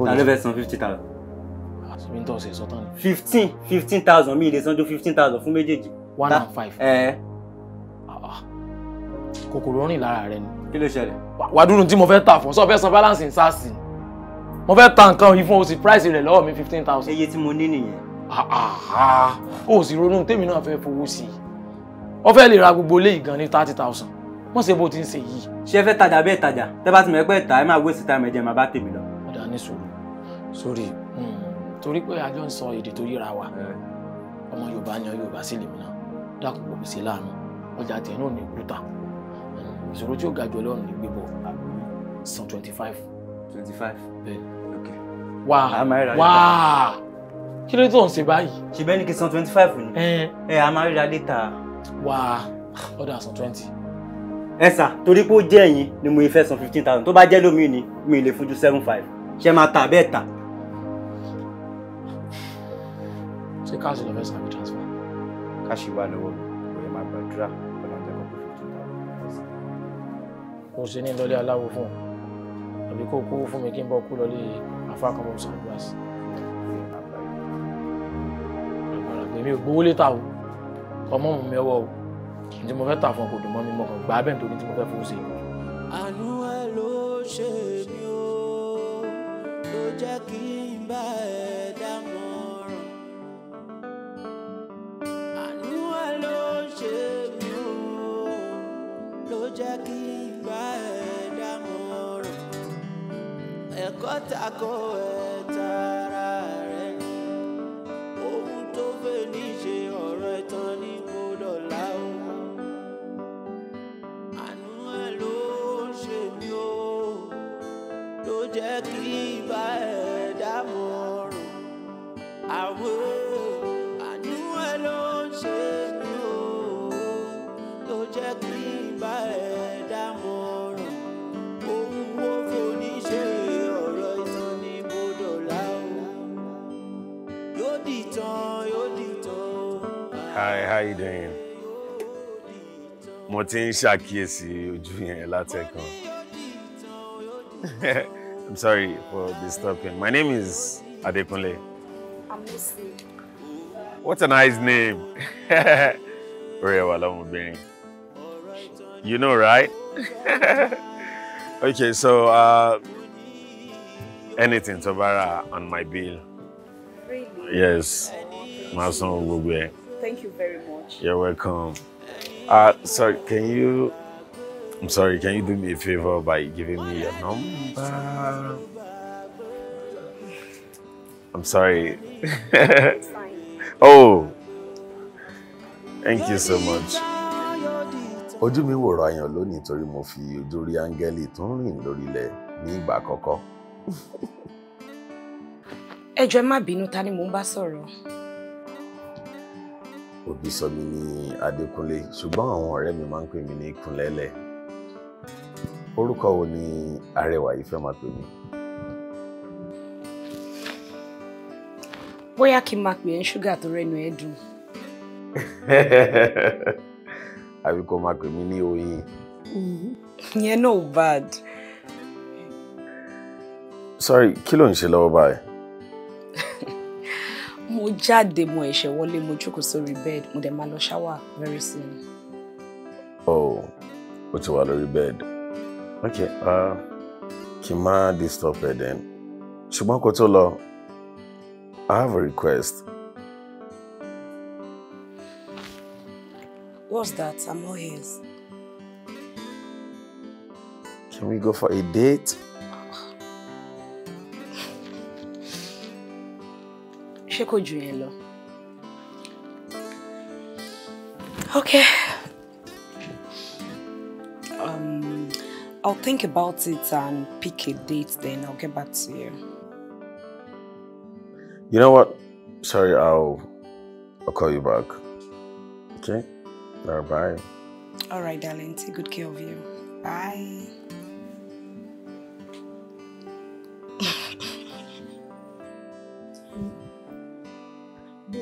ta ló fẹ́ san fifty thousand àṣìbí ń tọ́ ṣe sọ tán ni. fifteen fifteen thousand mi ìlé sanjó fifteen thousand fún méjèèjì. one and five. ẹ ẹ. Ah, ah. kòkòrò rìn lára rẹ ni. kí ló ṣẹlẹ̀. wàá dúró tí mo fẹ́ tà fún sọ fẹ́ san balance in sars ni mo fẹ́ ta nǹkan yìí fún o sì price rẹ̀ lọ́wọ́ mi fifteen thousand. iye tí mo ní nìyẹn. Ah, o sì ronú tèmi náà fẹ́ fowó sí i wọ́n fẹ́ lè ra gbogbo ilé ìgan ní thirty thousand wọ́n ṣe bó ti ń ṣe yìí. ṣé ẹ fẹ́ tajà bẹ́ẹ̀ tajà tẹ́ bá ti mọ̀ ẹ́ pẹ́ ta ẹ máa waste time ẹ jẹ́ máa bá tèmi lọ. ọ̀dà ní sòrò sórí torí pé àjọ ń sọ èdè tó yíra wa ọmọ yorùbá yan yorùbá sí lèmi náà dákun kò sí láàánú ọjà tẹ̀ náà ní kúta ìṣòro tí ó ga jù ọlọ́run ní gbébọ̀ san twenty five. twenty five bẹ́ẹ̀ ok. wá wá kí ló tó ń ṣe báyìí. ṣùgbọ́n ní kí san twenty five ni. ẹ ẹ a máa ríra létà. wá ọ̀dà san twenty. ẹ sà torí pé ó jẹ́ ẹ̀yin ni mo fẹ́ san fifteen thousand tó bá jẹ́ lómi ni mi lè fojú seven five ṣe máa tà bẹ́ẹ̀ tà. ṣé káàṣì lọ́fẹ́ sàbí transfer. káàṣì wà lọ́wọ́ kò yẹ máa gbàdúrà ọ̀nà àjẹkọ̀ pé fifteen thousand. kò sí ní lọ́lé aláwo fún un àbí kó kú fún mi kí n bọ́ kú lọ́lé afákọ̀mọ́ sàdúrà sí. ò gbowó lé ta o ọmọ mi ọwọ́ o tí mo fẹ́ tà fún ọ kò mi mọ́ kàn gbà bẹ́ẹ̀ nítorí tí mo fẹ́ fowó ṣe. àánú ẹ ló ṣe mí o ló jẹ́ kí n bá ẹ dá jẹ́ kí n bá ẹ dámọ̀ràn ẹ̀kọ́ tako ẹ̀ta. how you doing? Mo ti ń ṣàkíyèsí ojú yẹn látẹ̀kan. I'm sorry for disturbing. My name is Adekunle. What a nice name. Rewa Lamubini. You know, right? okay, so uh, anything Tobara on my bill. Really? Yes. Mason Ogogwe. Thank you very much. You're welcome. Uh, so can you, I'm sorry, can you do me a favor by giving me your number? I'm sorry. oh, thank you so much. Ojú mi wòrò ayàn lónìí torí mo fi ojú rí áńgẹ́lì tó ń rìn lórílẹ̀ ní ìgbà àkọ́kọ́. Ẹ jọ̀ọ́ má bínú ta ni mò ń bá sọ̀rọ̀ òbí sọ mí ní adékúnlé ṣùgbọ́n àwọn ọ̀rẹ́ mi máa ń pè mí ní kúnlẹ́lẹ̀ orúkọ wo ni arẹwà yìí fẹ́ máa pè mí. bóyá kí n máa pè ẹ́ ṣúgà tó rẹnu ẹ dùn. àbí kò máa pè mí ní oyin. Mm-hmm. ìyẹn náà bad. sorry kí ló ń ṣe lọ́wọ́ báyìí jáde mo ẹ̀ṣẹ̀ wọlé mo jókòó sórí bed mo dẹ̀ máa lọ ṣáwà very soon. oh o ti wà lórí bed ok uh, kì í má disturb ẹ then ṣùgbọ́n kó tó lọ i have a request. what's that i'm all ears. can we go for a date. ṣé kò jù yẹn lọ. okay um, I'll think about it and pick a date then I'll get back to you. You know what? Sorry, I'll I'll call you back. Okay? All right, bye. All right, darling. Take good care of you. Bye.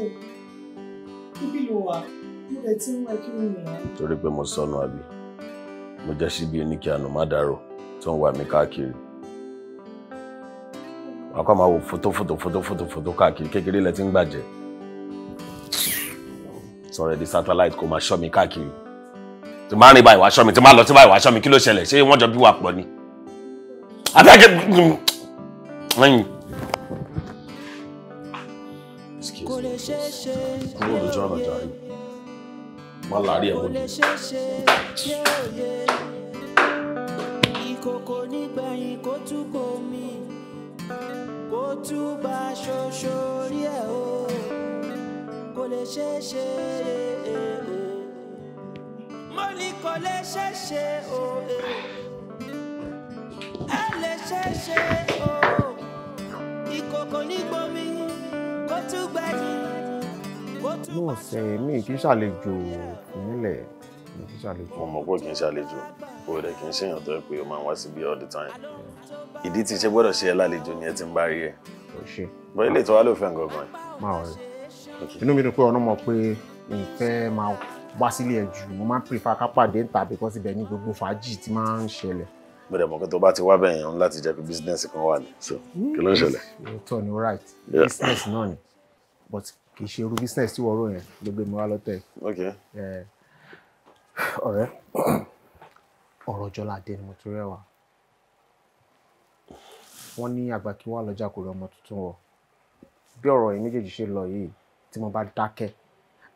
o níbí ló wà mo lè ti ń wá kí wọ́n yàn án. torí pé mo sọnù àbí mo jẹ́ síbi oníkì má dárò tó ń wà mí káàkiri wàá máa wo fótó fótó fótó fótó fótó káàkiri kékeré lẹ ti ń gbàjẹ́ sọ̀rọ̀ ẹ̀dí satellite kò máa ṣọ́ mi káàkiri tí máa rìn báyìí wàá ṣọ́ mi tí máa lọ sí báyìí wàá ṣọ́ mi kí ló ṣẹlẹ̀ ṣé wọ́n jọ bí wàá pọ̀ ni àbí àgẹ́ kúrò lójú ọ̀nà jàre má láàárí ẹ̀ mọ́lẹ̀. ìkòkò nígbẹ̀yìn kó tún kò mí kó tún bá ṣoṣo rí ẹ̀ o kò lè ṣeé ṣe mo kò lè ṣeé ṣe ẹ lè ṣeé o ìkòkò nígbòmí náà sẹ mi kì í ṣàlejò nílẹ̀ mi kì í ṣàlejò. mo mọ̀ pé kì í ṣàlejò kò rẹ̀ kì í ṣèyàn tó yẹ pé o máa ń wá síbí all the time ìdí tí iṣẹ́ gbọ́dọ̀ ṣe ẹ lálejò ni ẹ ti ń bá rí ẹ. o ṣe. bọ́ ilé ìtọ́wá ló fẹ́ gangan. máa wọ̀ rẹ̀ inú mi dùn pé ọ̀nà mọ̀ pé ìfẹ́ máa wá sílé ẹ jù mo máa ń prefer ká pàdé níta because ibẹ̀ ni gbogbo fàájì ti máa ń ṣẹlẹ̀ bẹ̀rẹ̀ mọ̀ pé tó bá ti wá bẹ̀yàn láti jẹ́ pé bísínẹ́sì kan wà ní so kí ló ń ṣẹlẹ̀. òótọ́ ni right bísínẹ́sì náà ni but kì í ṣe irú business tí wọ́n rò yẹn ló gbé mi wá lọ́tẹ̀. ọ̀rẹ́ ọ̀rọ̀ Jọládé ni mo ti rẹ́wà wọ́n ní àgbà kí wọ́n lọ́jà kò rí ọmọ tuntun wọ̀ bí ọ̀rọ̀ yìí méjèèjì ṣe lọ yìí tí mo bá dákẹ́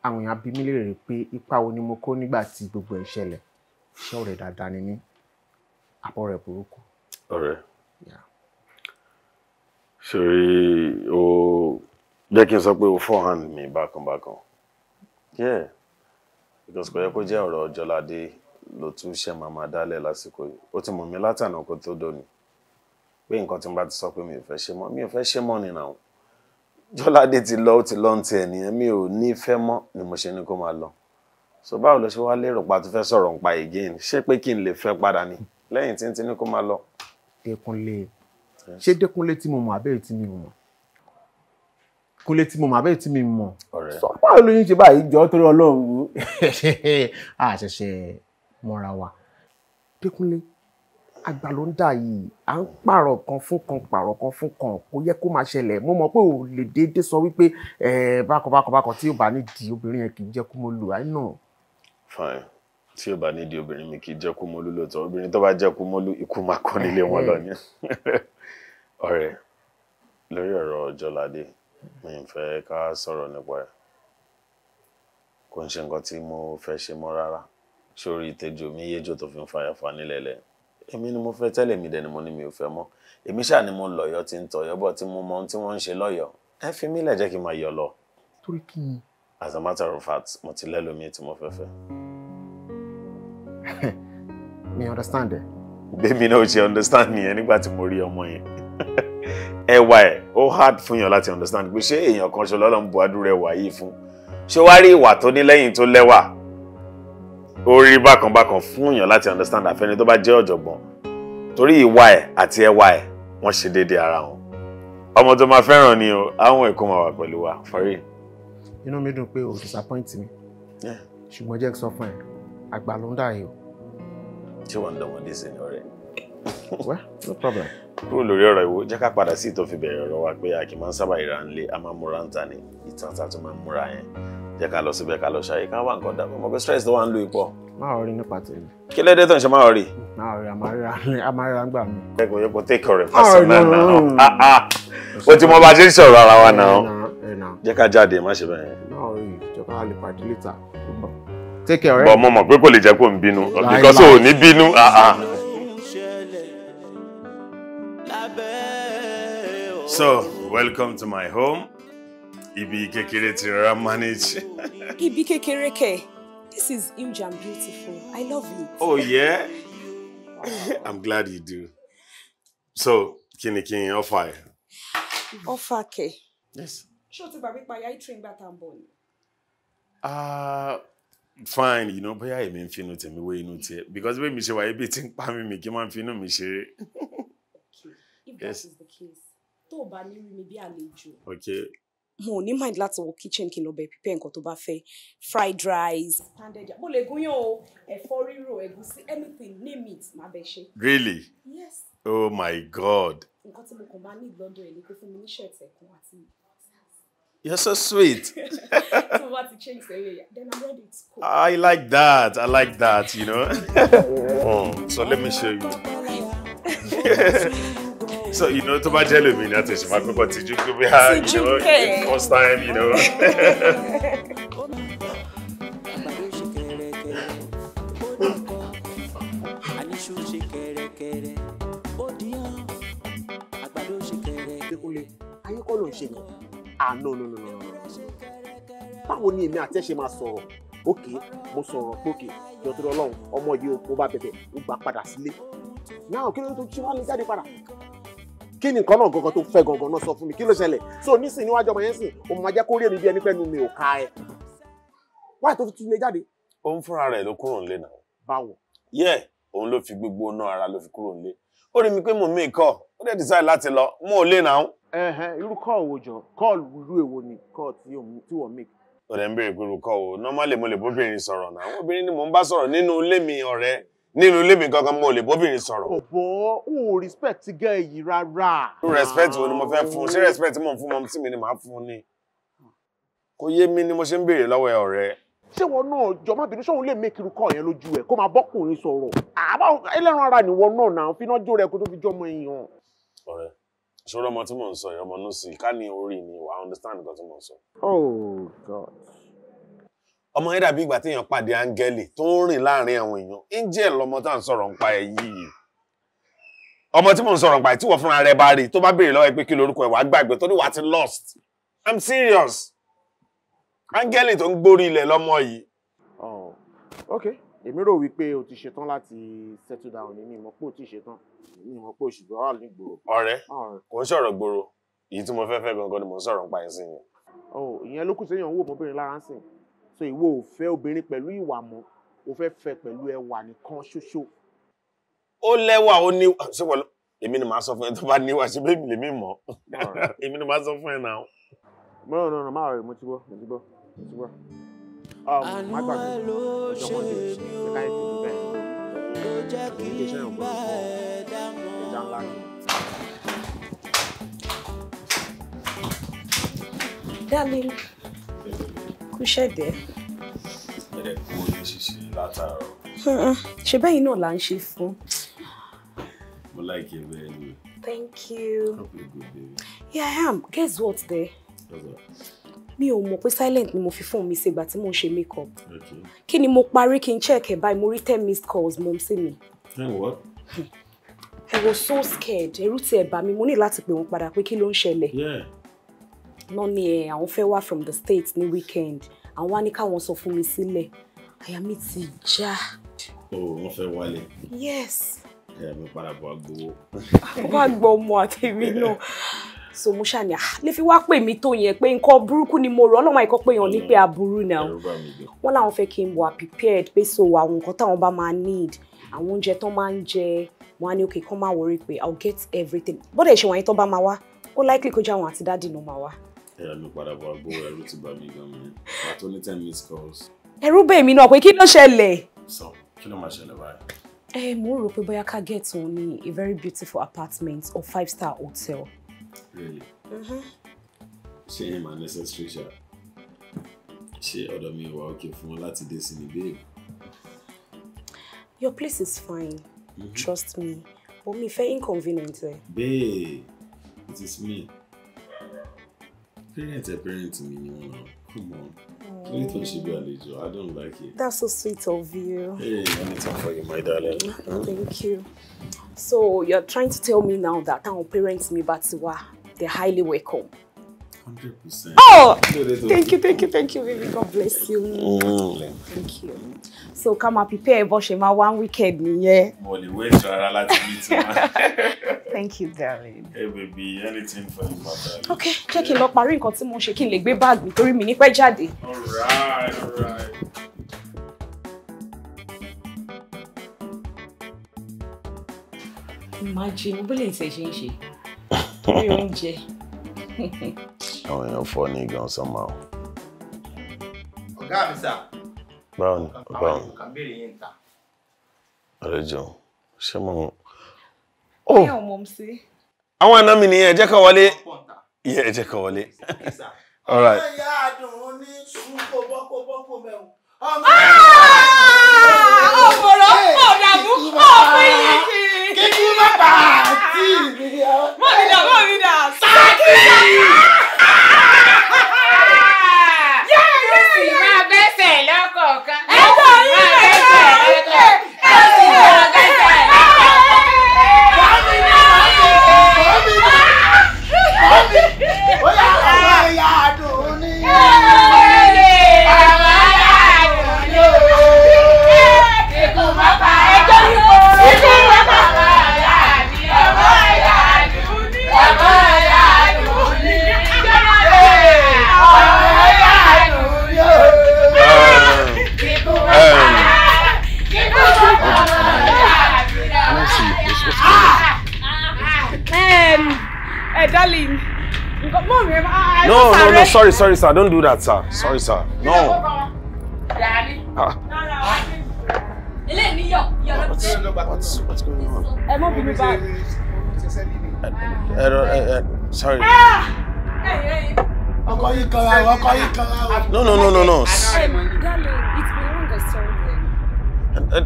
àwọn èèyàn bí mi léèrè pé ipa wo ni mo kó nígbà tí gbogbo ẹ̀ ṣẹlẹ̀ ṣé ọ̀rẹ́ dáadáa ni mí àbọ̀ rẹ̀ burúkú. ọ̀rẹ́ ṣe o jẹ́ kí n sọ pé o forehand mi bákanbákan yeah because kò yẹ kó jẹ́ ọ̀rọ̀ Jọládé ló tún ṣe máa máa dálẹ̀ lásìkò yìí ó ti mọ̀ mí látànà kó tó dòní pé nǹkan tí n bá ti sọ pé mi ò fẹ́ ṣe mọ́ mi ò fẹ́ ṣe mọ́ nínú àwọn Jọládé ti lọ ó ti lọ ń tiẹ̀ nìyẹn mi ò ní fẹ́ mọ́ ni mo ṣe ní kó máa lọ so báwo ló ṣe wá lérò pa tó fẹ́ sọ̀rọ̀ ń pa again ṣé pé kí n lè fẹ́ padà ni lẹ́yìn tí n ti ní kó máa lọ. Dékúnlé ṣé Dékúnlé tí mo mọ̀ àbẹ́yẹ tí mi ò mọ̀ kúnlé tí mo mọ abẹ́rẹ́ tí mi mọ̀ sọ́pà olóyún ṣe báyìí jọ torí ọlọ́run a ṣẹ̀ṣẹ̀ mọ́ra wa dẹ́kunlé àgbà ló ń dà yìí à ń pààrọ̀ kan fún kan pààrọ̀ kan fún kan kò yẹ kó máa ṣẹlẹ̀ mo mọ̀ pé ò lè déédé sọ wípé bákan bákan bákan tí ò bá ní di obìnrin yẹn kì í jẹ́ kó mo lù àìnà. fine tí ò bá ní di obìnrin mi kì í jẹ́ kó mo lù lóòótọ́ obìnrin tó bá jẹ́ kó mo lù ikú máa kọ́ nílé wọn lọ ni. ọ̀rẹ́ lórí ọ̀rọ̀ Jọládé mi ò fẹ́ ká sọ̀rọ̀ nípa ẹ̀ kò ń ṣe nǹkan tí mo fẹ́ ṣe mọ́ rárá sórí ìtẹ́jú mi yéjò tó fi ń fa ẹ̀fà nílẹ̀ lẹ̀ èmi ni mo fẹ́ tẹ́lẹ̀ mi dẹni mo ni mi ò fẹ́ mọ́ èmi ṣáà ni mo lọ̀yọ̀ tí ń tọ̀yọ̀ bọ̀ tí mo mọ ohun tí wọ́n ń ṣe lọ́yọ̀ ẹ fi mí lẹ̀ jẹ́ kí n máa yọ̀ lọ. torí kí ni. as a matter of fact mo ti lẹ́lòmíì tí mo fẹ́ fẹ́. mi understand ẹ. bẹ́ẹ̀ mi náà ṣe understand nìyẹn nígbà tí mo rí ọmọ yẹn. ẹwà ẹ̀ ó hard fún yàn láti understand pé ṣé èèyàn kan ṣe lọ́lọ́ ń bu adúrú ẹwà yìí fún ṣé wàá rí ìwà tó ní lẹ́yìn tó lẹ́wà ó rí bákan bákan fún yàn láti understand àfẹ́ni tó bá jẹ́ ọ̀jọ̀gbọ́n torí ìwà ẹ̀ àti ẹwà ẹ̀ wọ́n ṣe déédéé ara wọn ọmọ tó máa fẹ́ràn ni o àwọn ẹ̀kọ́ máa wà pẹ̀lú wa fọ́rí. inú mi dùn pé o disappoint mi ṣùgbọ́n jẹ́ sọ fún ẹ àgbà ló ń dà yìí o. ṣé wàá ń dọmọdé sí ni ọ̀rẹ́ no problem. kúrò lórí ọ̀rọ̀ ìwò jẹ́ ká padà sí ìtọ́fi bẹ̀rẹ̀ ọ̀rọ̀ wa pé a kì í máa ń sábà ìra ńlé a máa ń múra ń ta ni ìtàn ta tó máa ń múra yẹn jẹ́ ká lọ síbẹ̀ ká lọ ṣàyè ká wá nǹkan dà mọ́ pé stress tó wà ń lo ipò. má ò rí nípa tèmi. kí lédè tó ń ṣe má ò rí. má ò rí àmàrà ń gbà mí. ẹ̀kọ́ yẹ kó take ọ̀rẹ́ personal náà o ti mọ bá a ṣe ń sọ̀rọ̀ ara wa náà jẹ́ ká jáde má ṣe bẹ́ẹ̀. má ò rí ìjọba lè pàdé later. take care. bọ́ eh? mo mọ̀ pé kò lè jẹ́ kó ń bínú because o ò ní bínú. So, welcome to my home. Ibi kékeré tira manage. Ibi kékeré kẹ̀, this is huge and beautiful. I love it. Oh yeah? I'm glad you do. So, kini kini offer Offer ke. Yes. Show to ti gbàgbé pa yáì train gbà tá à ń fine you know bóyá èmi ń te mi wey inú te because when mi ṣe wa ibi ting pa mi mi kí n máa finú mi ṣeré. if that yes. is the case tó bá ní rí mi bí àlejò. mo ò ní mind láti wọ kitchen kí n lọ bẹ pípẹ́ nǹkan tó bá fẹ́ fried rice. Standard yam mo lè gún yàn o ẹ̀fọ́ rírò ẹ̀gúsí anything name it má bẹ ṣe. really. yes. oh my god. nǹkan tí mo kàn máa ní ìlọ́dọ̀ ẹ̀ ni pé fún mi ní ṣẹ̀tẹ̀ kan àti You're so sweet. so what to change the area? Then I'm ready to cook. I like that. I like that, you know. oh, so let me show you. so you know tó bá jẹ́ lómi náà tẹ̀sí máa pẹ́pọ̀ tìjú you know first time you know. ayé kọ́ ló ń ah no no no no no báwo ni èmi àti ẹ ṣe máa sọ̀rọ̀ òkè mo sọ̀rọ̀ pókè jọ̀tún ọlọ́run ọmọ yìí ó bá bẹ̀bẹ̀ ó gbà padà sílé náà kí ló tó tí wọ́n á lè jáde padà kí ni nǹkan náà gangan tó fẹ́ gangan náà sọ fún mi kí ló so nísìnyí wájú ọmọ yẹn sìn òun máa jẹ́ kó rí èmi bí ẹni mi ò ka ẹ wáyé tó fi tún jáde. ó fúnra rẹ̀ ló kúrò nílé náà. báwo. yẹ òun ló fi gbogbo nọ ara ló fi kúrò nílé ó rí mi pé mo mi kọ ó dẹ̀ láti lọ náà. ẹhẹn irú kọ́ òwò jọ èwo ni tí wọ́n ọ̀rẹ́ ń pé nínú ilé mi kankan mo lè bóbìnrin sọ̀rọ̀. ọ̀bọ̀ o respect gẹ́ èyí rárá. respect wo ni mo fẹ́ fún ṣé respect mo fún mọ́mísí mi ni màá fún ni kò yé mi ni mo ṣe ń béèrè lọ́wọ́ ẹ ọ̀rẹ́. ṣé wọn náà jọ má bínú sóun lè make irú kọ yẹn lójú ẹ kó máa bọ́kùnrin sọ̀rọ̀ àbá ẹlẹ́ran ara nìwọ náà náà fi náà jó rẹ kó tó fi jọmọ èèyàn. ọ̀rẹ́ ṣọlọmọ tí mò ń sọ ìyọmọ náà sì ká ní orí ni wàá understand nǹkan tí mò ń sọ. oh god ọmọ yẹn dàbí ìgbà téèyàn pàdé áńgẹ́lì tó ń rìn láàrin àwọn èèyàn angel lọmọ tá à ń sọ̀rọ̀ nípa ẹ̀ yìí ọmọ tí mò ń sọ̀rọ̀ nípa ẹ̀ tí wọ́n fúnra rẹ̀ bá rí tó bá béèrè lọ́wọ́ ẹ pé kí lorúkọ ẹ̀ wá gbàgbé tó ní wàá ti lost i'm serious áńgẹ́lì tó ń gbórí ilẹ̀ lọ́mọ yìí. Oh, ok èmi rò wípé o ti ṣetán láti settle down ní mi pé o ti ṣetán mi mọ̀ pé o ṣùgbọ́n wà ní gbòòrò. ọ̀rẹ́ ah. kò ń sọ̀rọ̀ gbòòrò èyí tí mo fẹ́ fẹ́ gangan ni mò ń sọ̀rọ̀ nípa ẹ̀ sí yẹn. Oh, ìyẹn ló kù séèyàn wò mọ́bìnrin lára so ìwọ ò fẹ́ obìnrin pẹ̀lú ìwà mọ́ o fẹ́ fẹ́ pẹ̀lú ẹwà nìkan ṣoṣo. ó lẹ́wà ó ní ṣùgbọ́n èmi ni màá sọ fún ẹ tó bá níwà ṣe bébì lèmi mọ̀ èmi ni màá sọ fún ẹ náà. mo ràn ràn máa rẹ̀ mo ti gbọ́ mo ti gbọ́ mo ti gbọ́. Um, àánú ẹ ló ṣe mí o ló jẹ́ kí n bá ẹ dá mọ́ kú ṣẹ̀dẹ̀. ẹ̀rẹ̀ kú oyún ṣíṣe látàárọ̀. ṣe bẹ́yìn náà là ń ṣe fún. mo like you very much. thank you. hope you good baby. yeah i am guess what there. mi ò mọ̀ pé silent ni mo fi fóònù mi ṣe ìgbà tí mo ń ṣe makeup. kí ni mo parí kí n check ẹ̀ báyìí mo rí ten missed calls mọ̀ sí mi. ẹ wọ́n. I was so scared ẹ̀rù ti ẹ̀ bà mí mo ní láti pè wọ́n padà pé kí ló ń ṣẹlẹ̀. yeah náà ni ẹ eh, àwọn fẹ́ from the states ní weekend àwọn wá ní káwọn sọ fún mi sílẹ̀ àyà mi ti já. o oh, wọn fẹ́ wálé. yes. ẹ mi padà bọ agbowó. àbá gbọ́ ọmọ àtẹ̀mí náà so mo ṣàní à ah, lè fi wá pè mí tó yẹn pé nǹkan burúkú ni mo rọ ọlọ́wọ́n àìkọ́ pé yàn ní pé aburú náà wọ́n láwọn fẹ́ kí n wà prepared pé so àwọn nǹkan táwọn bá máa need àwọn oúnjẹ tán máa ń jẹ wọn á ní òkè kán máa wọrí pé i will get everything bọ́dẹ̀ ṣe wọ̀nyí tán bá máa wá ó likely kó jẹ́ àwọn àti dáàdì náà máa wá ẹ̀rọ mi padà bọ̀ àgbo ẹ̀rù ti bà mí gan-an mi pàtó ní ten minutes calls. ẹ̀rù bẹ̀ mí náà pé kí ló ṣẹlẹ̀. sọ kí ló máa ṣẹlẹ̀ báyìí. ẹ mo rò pé bóyá ká get òun ní a very beautiful apartment or five star hotel. really mm-hmm. ṣé yẹn máa necessary ṣá ṣé ọ̀dọ̀ mi wà òkè fún ọ láti dé sí ni babe. your place is fine mm -hmm. trust me but mi fẹ́ inconvenient. babe it is me parents are parents mi ni wọn come on lórí tó ń ṣe bí àlejò i don't like it. that's so sweet of you. hey anything for you my darling. Mm, huh? thank you so you're trying to tell me now that our parents me bá ti wá they're highly welcome hundred oh thank you thank you thank you baby god bless you mm. thank you so come máa prepare bó ṣe máa one weekend nìyẹn. mo wait rárá láti meet thank you darling. hey baby anything for you darling. okay check it out. Marine, continue nǹkan tí mo ń ṣe kí n lè gbé all right all right. Imagine, bó lè ṣe ṣe ń ṣe. Orí oúnjẹ. àwọn èèyàn fọ́ ní gan sọ́mà o. ọ̀gá mi sà. báwo ni báwo ni. kàn béèrè yín ta. ọ̀rẹ́ jọ̀ọ́ ṣé mo. ẹ ò mọ̀ oh! sí. àwọn àna mi nìyẹn ẹ jẹ́ ká wọlé. ẹ jẹ́ ká wọlé. all right. ọmọ ìyá àdùn ní sùn kò bọ́kò bọ́kò mẹ́wọ̀n. ọmọ ọ̀pọ̀lọ́ ah! pọ̀ dàbú kọ́ fún yìí kiri. kíkú má bàa tí ì mi. mọ̀ mi dà mọ̀ mi dà. sákì. darling. Mom, I, I no, no, no, sorry, sorry, sir. Don't do that, sir. Sorry, sir. No. Ah. What's, what's, what's going on? I'm mọ̀ bí mi bá. sorry. Ah! Ọkọ No no no no no. Darling, it's been long I eh,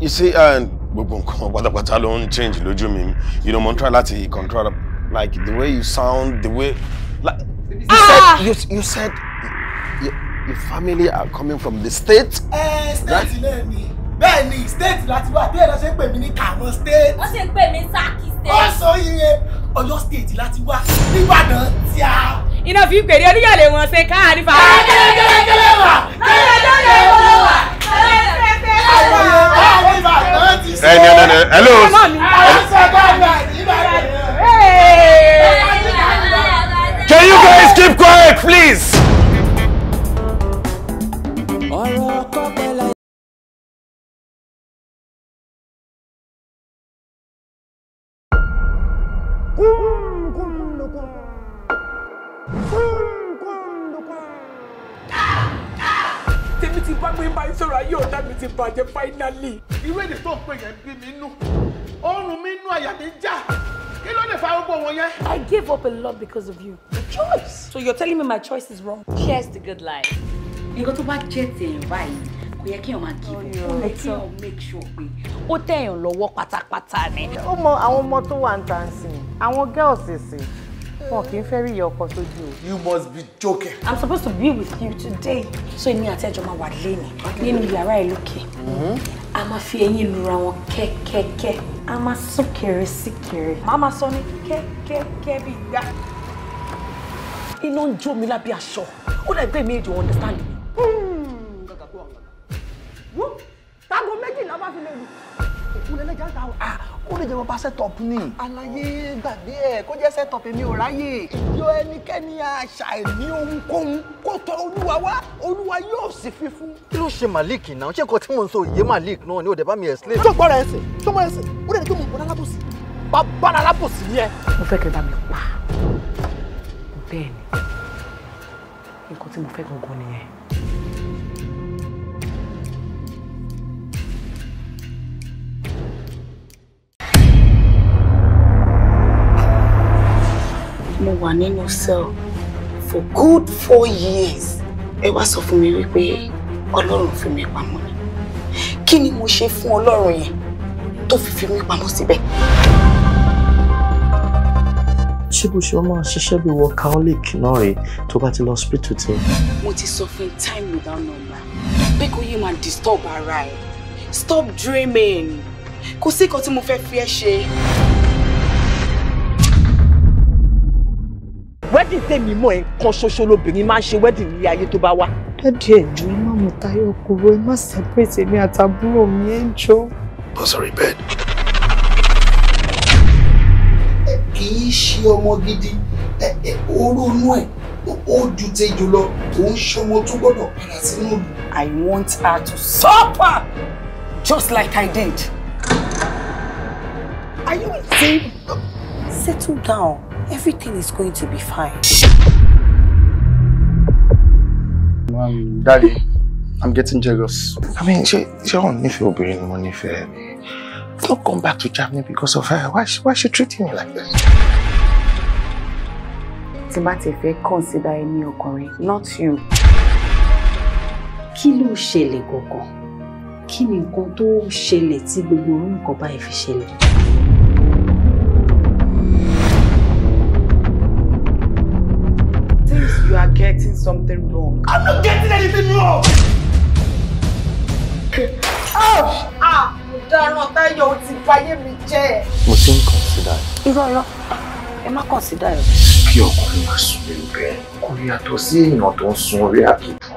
you. see, eh, gbogbo what pátápátá ló ń change lójú You know, mo ń try láti control. Like the way you sound, the way like you ah! said you, you said your, your family are coming from the state. Eh, state ilé mi. Bẹ́ẹ̀ ni state láti wá bẹ́ẹ̀ lọ ṣe ń pè mí ní Kano state. Wọ́n ṣe ń pè mí Saki state. Wọ́n sọ iye Ọ̀yọ́ state láti wá Nìbàdàn tí a. Iná fi pèrè oníyàlè wọn ṣe káàárín fa. Kẹ́lẹ́ kẹ́lẹ́ kẹ́lẹ́ wà. Kẹ́lẹ́ kẹ́lẹ́ wà. Kẹ́lẹ́ kẹ́lẹ́ wà. Àwọn Ìbàdàn ti sọ. Ẹ ní ẹ ní ẹ ní. Hello. Hello. please. tèmi ti bá mi bá sọ̀rọ̀ ayé ọ̀dà mi ti bàjẹ́ finally. ìwé ìdè tó yẹn bí mi nù. gave up a lot because of you. Your choice. So you're telling me my choice is wrong? Cheers to good life. You tó to buy tèèyàn báyìí kò yẹ kéèyàn máa give up. Ó oh, yẹ make sure we. ó tẹ̀yàn lọ́wọ́ pátápátá ni. Ó mọ àwọn ọmọ tó wà ń tàn sí, girls sì wọn kì í fẹ́ rí ìyá you must be joking. i'm supposed to be with you today. so èmi àti ẹjọ́ máa wà lẹ́nu are right ẹ̀ I'm a máa fi eyín lura ke. kẹ́kẹ́kẹ́ a máa sún kéré sí Mama, sonny ke ke ke kẹ́kẹ́kẹ́ bí gbá. iná ń jó mi lábẹ́ aṣọ ó dẹ̀ gbé mi èjò understand mi. Hmm. tágo méjìlá bá fi lè lù òkú lẹ́lẹ́jà ń ta ó lè jẹ́ bàbá setup ni. àlàyé gbàgbé ẹ kó jẹ́ setup èmi ò ráyè. ìjọ ẹnikẹ́ni àṣàìní ohunkóhun kó tọ̀ olúwa wá olúwa yóò sì fi fún. kí ló ṣe Malik náà ṣé nǹkan tí mò ń sọ yé Malik náà ni ò dé bá mi explain. tó gbọ́dọ̀ ẹsẹ̀ tó mọ ẹsẹ̀ ó dẹ̀ ní kí mo bọ́dá lábòsí bàbá lábòsí yẹn. mo fẹ́ kẹ́ bá mi pa bẹ́ẹ̀ ni nǹkan tí mo fẹ́ gangan nìyẹn. mo wà nínú cell for good four years ẹ wá sọ fún mi wípé ọlọ́run fi mi pamọ́ ni kí ni mo ṣe fún ọlọ́run yẹn tó fi fi mí pamọ́ síbẹ̀. ṣé bó ṣe máa ṣiṣẹ́ bí workaholic náà rèé tó bá ti lọ hospital tí. mo ti sọ fún time without number pé kó yé máa disturb ara ẹ stop dreaming kò sí nǹkan tí mo fẹ́ fi ẹ́ ṣe. wedding tèmi mọ̀ ẹ̀ kan ṣoṣo lobìnrin máa ń ṣe wedding ní ayé tó bá wá. dádì ẹjọ ẹ má mú Táyọ̀ kúrò ẹ má separate èmi àtàbúrò mi ẹ jọ. bọ́sọ̀rì bẹ́ẹ̀. ẹ kì í ṣe ọmọ gidi orúnú ẹ ó ju tejò lọ òun ṣọmọ tó gbọ́dọ̀ padà sínú ìlú. I want her to suffer just like I did. Are you insane? Settle down. Everything is going to be fine. Um, Daddy, I'm getting jealous. I mean, she, she won't need to bring money for me. I've not gone back to Germany because of her. Why, why is she treating me like this? Timati fẹ́ consider any ọkùnrin, not you. Kí ló ṣẹlẹ̀ gangan? Kí ni nǹkan tó ṣẹlẹ̀ tí gbogbo orú nǹkan getting something wrong. I'm not getting anything wrong! Ouch! Ah! ah! Ọ̀daràn Táyọ̀ o ti fayé mi jẹ́. Mo ti ń consider. Irọ́ irọ́, ẹ má consider. Kí ọkùnrin máa sùn lórí bẹ́ẹ̀, kò yàtọ̀ sí èèyàn tó ń sun orí àkìtì.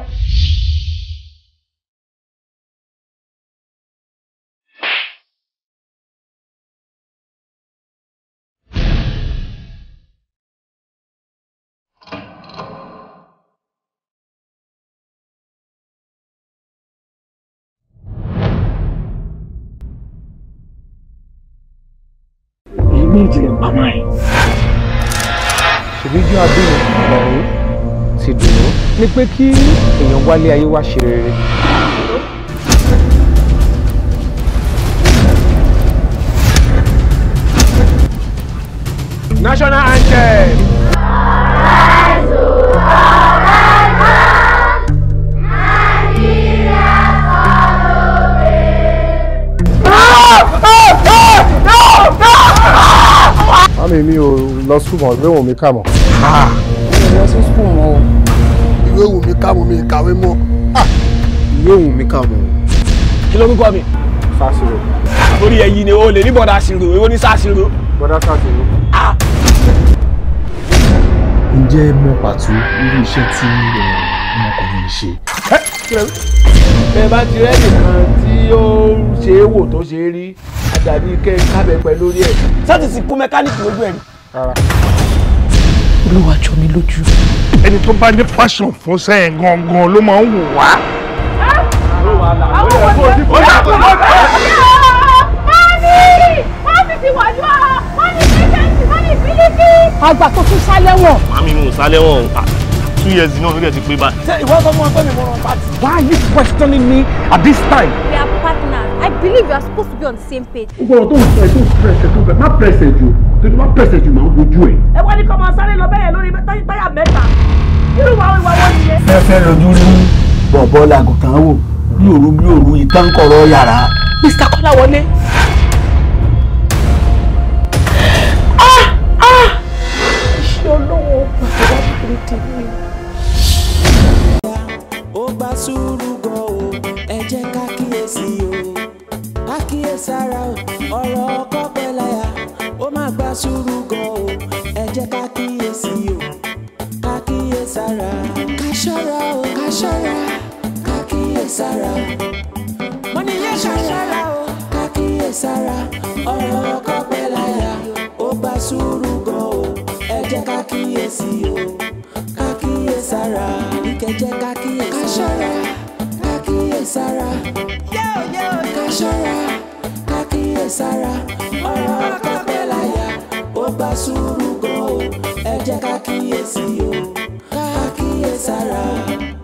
something in my mind. ṣèbí jọ abẹ́rẹ́ ọ̀rọ̀ ti dùnú ni pé kí èèyàn wálé ayé wá ṣe rere. national anthem. mi mi ò lọ sùn ìwé wùn ah. mi kà mọ́. mi ò sùn mọ́ o. ìwé wùn mi kà mọ́ mi kàwé mọ́. Ah. ìwé wùn mi kà mọ́. kí ló ń kọ́ mi. sàṣìrò. orí ẹ̀yìn ni o lè ní bọ̀dá ṣìrò èwo ní sàṣìrò. bọ̀dá sàṣìrò. Ah. ǹjẹ́ mọ pàtó irú iṣẹ́ tí eh, ọmọkùnrin ń ṣe. bẹ́ẹ̀ bá ti rẹ́ nìkan ó ṣe é wò tó ṣe é rí àjàdí kẹ́ kábẹ́pẹ́ lórí ẹ̀. sọ́ọ̀tì sì kú mẹkáníìkì lójú ẹ̀ olúwa jọ mi lójú. ẹni tó bá ní fashion fún sẹ́yìn gangan ló máa ń wù wá. àwọn ọ̀dọ́ ti fún yàtọ̀ lọ́kọ̀ọ́ ti àgbà tó tún sálẹ́wọ̀n. màmí mo sálẹ́wọ̀n o two years náà lórí ẹ̀ ti pé báyìí. ṣé Why are you questioning me at this time? We are partners. I believe you are supposed to be on the same page. ó don't tó ń sọ ẹ̀ tó ń pẹ̀sẹ̀ tó ń pẹ̀ má pẹ̀sẹ̀ jù torí má pẹ̀sẹ̀ jù máa ń wojú ẹ̀. ẹ wá ní kọ́ máa sáré lọ bẹ́ẹ̀ lórí táyà mẹ́ta irú wa ìwà wo nìyẹn. ẹ fẹ́ rojú rí bọ̀bọ̀ làgùntàn wò bí òru bí òru ìtànkọ̀rọ̀ yàrá. Mr. Kọ́láwọlé. ah ah. iṣẹ́ olówó ọkùnrin tó wá kékeré dé sùúrù gan o ẹ jẹ́ ká kíyèsí o ká ara o ọ̀rọ̀ ọkọ pẹ́ láyà ó má gba sùúrù gan o ẹ jẹ́ ká kíyèsí o ká kíyèsí ara ká o ká ṣọ́ra ká kíyèsí ara mo ní yẹ ká o ká ara ọ̀rọ̀ ọkọ pẹ́ ó gba sùúrù gan o ẹ jẹ́ ká o sára ìkẹjẹ ká kíyè sára ká kíyè sára ká ṣọ́ra ká kíyè sára ọ̀rọ̀ akọ́pẹ́ láyà ó gba sùúrù gan o ẹ jẹ́ ká kíyè sí o ká kíyè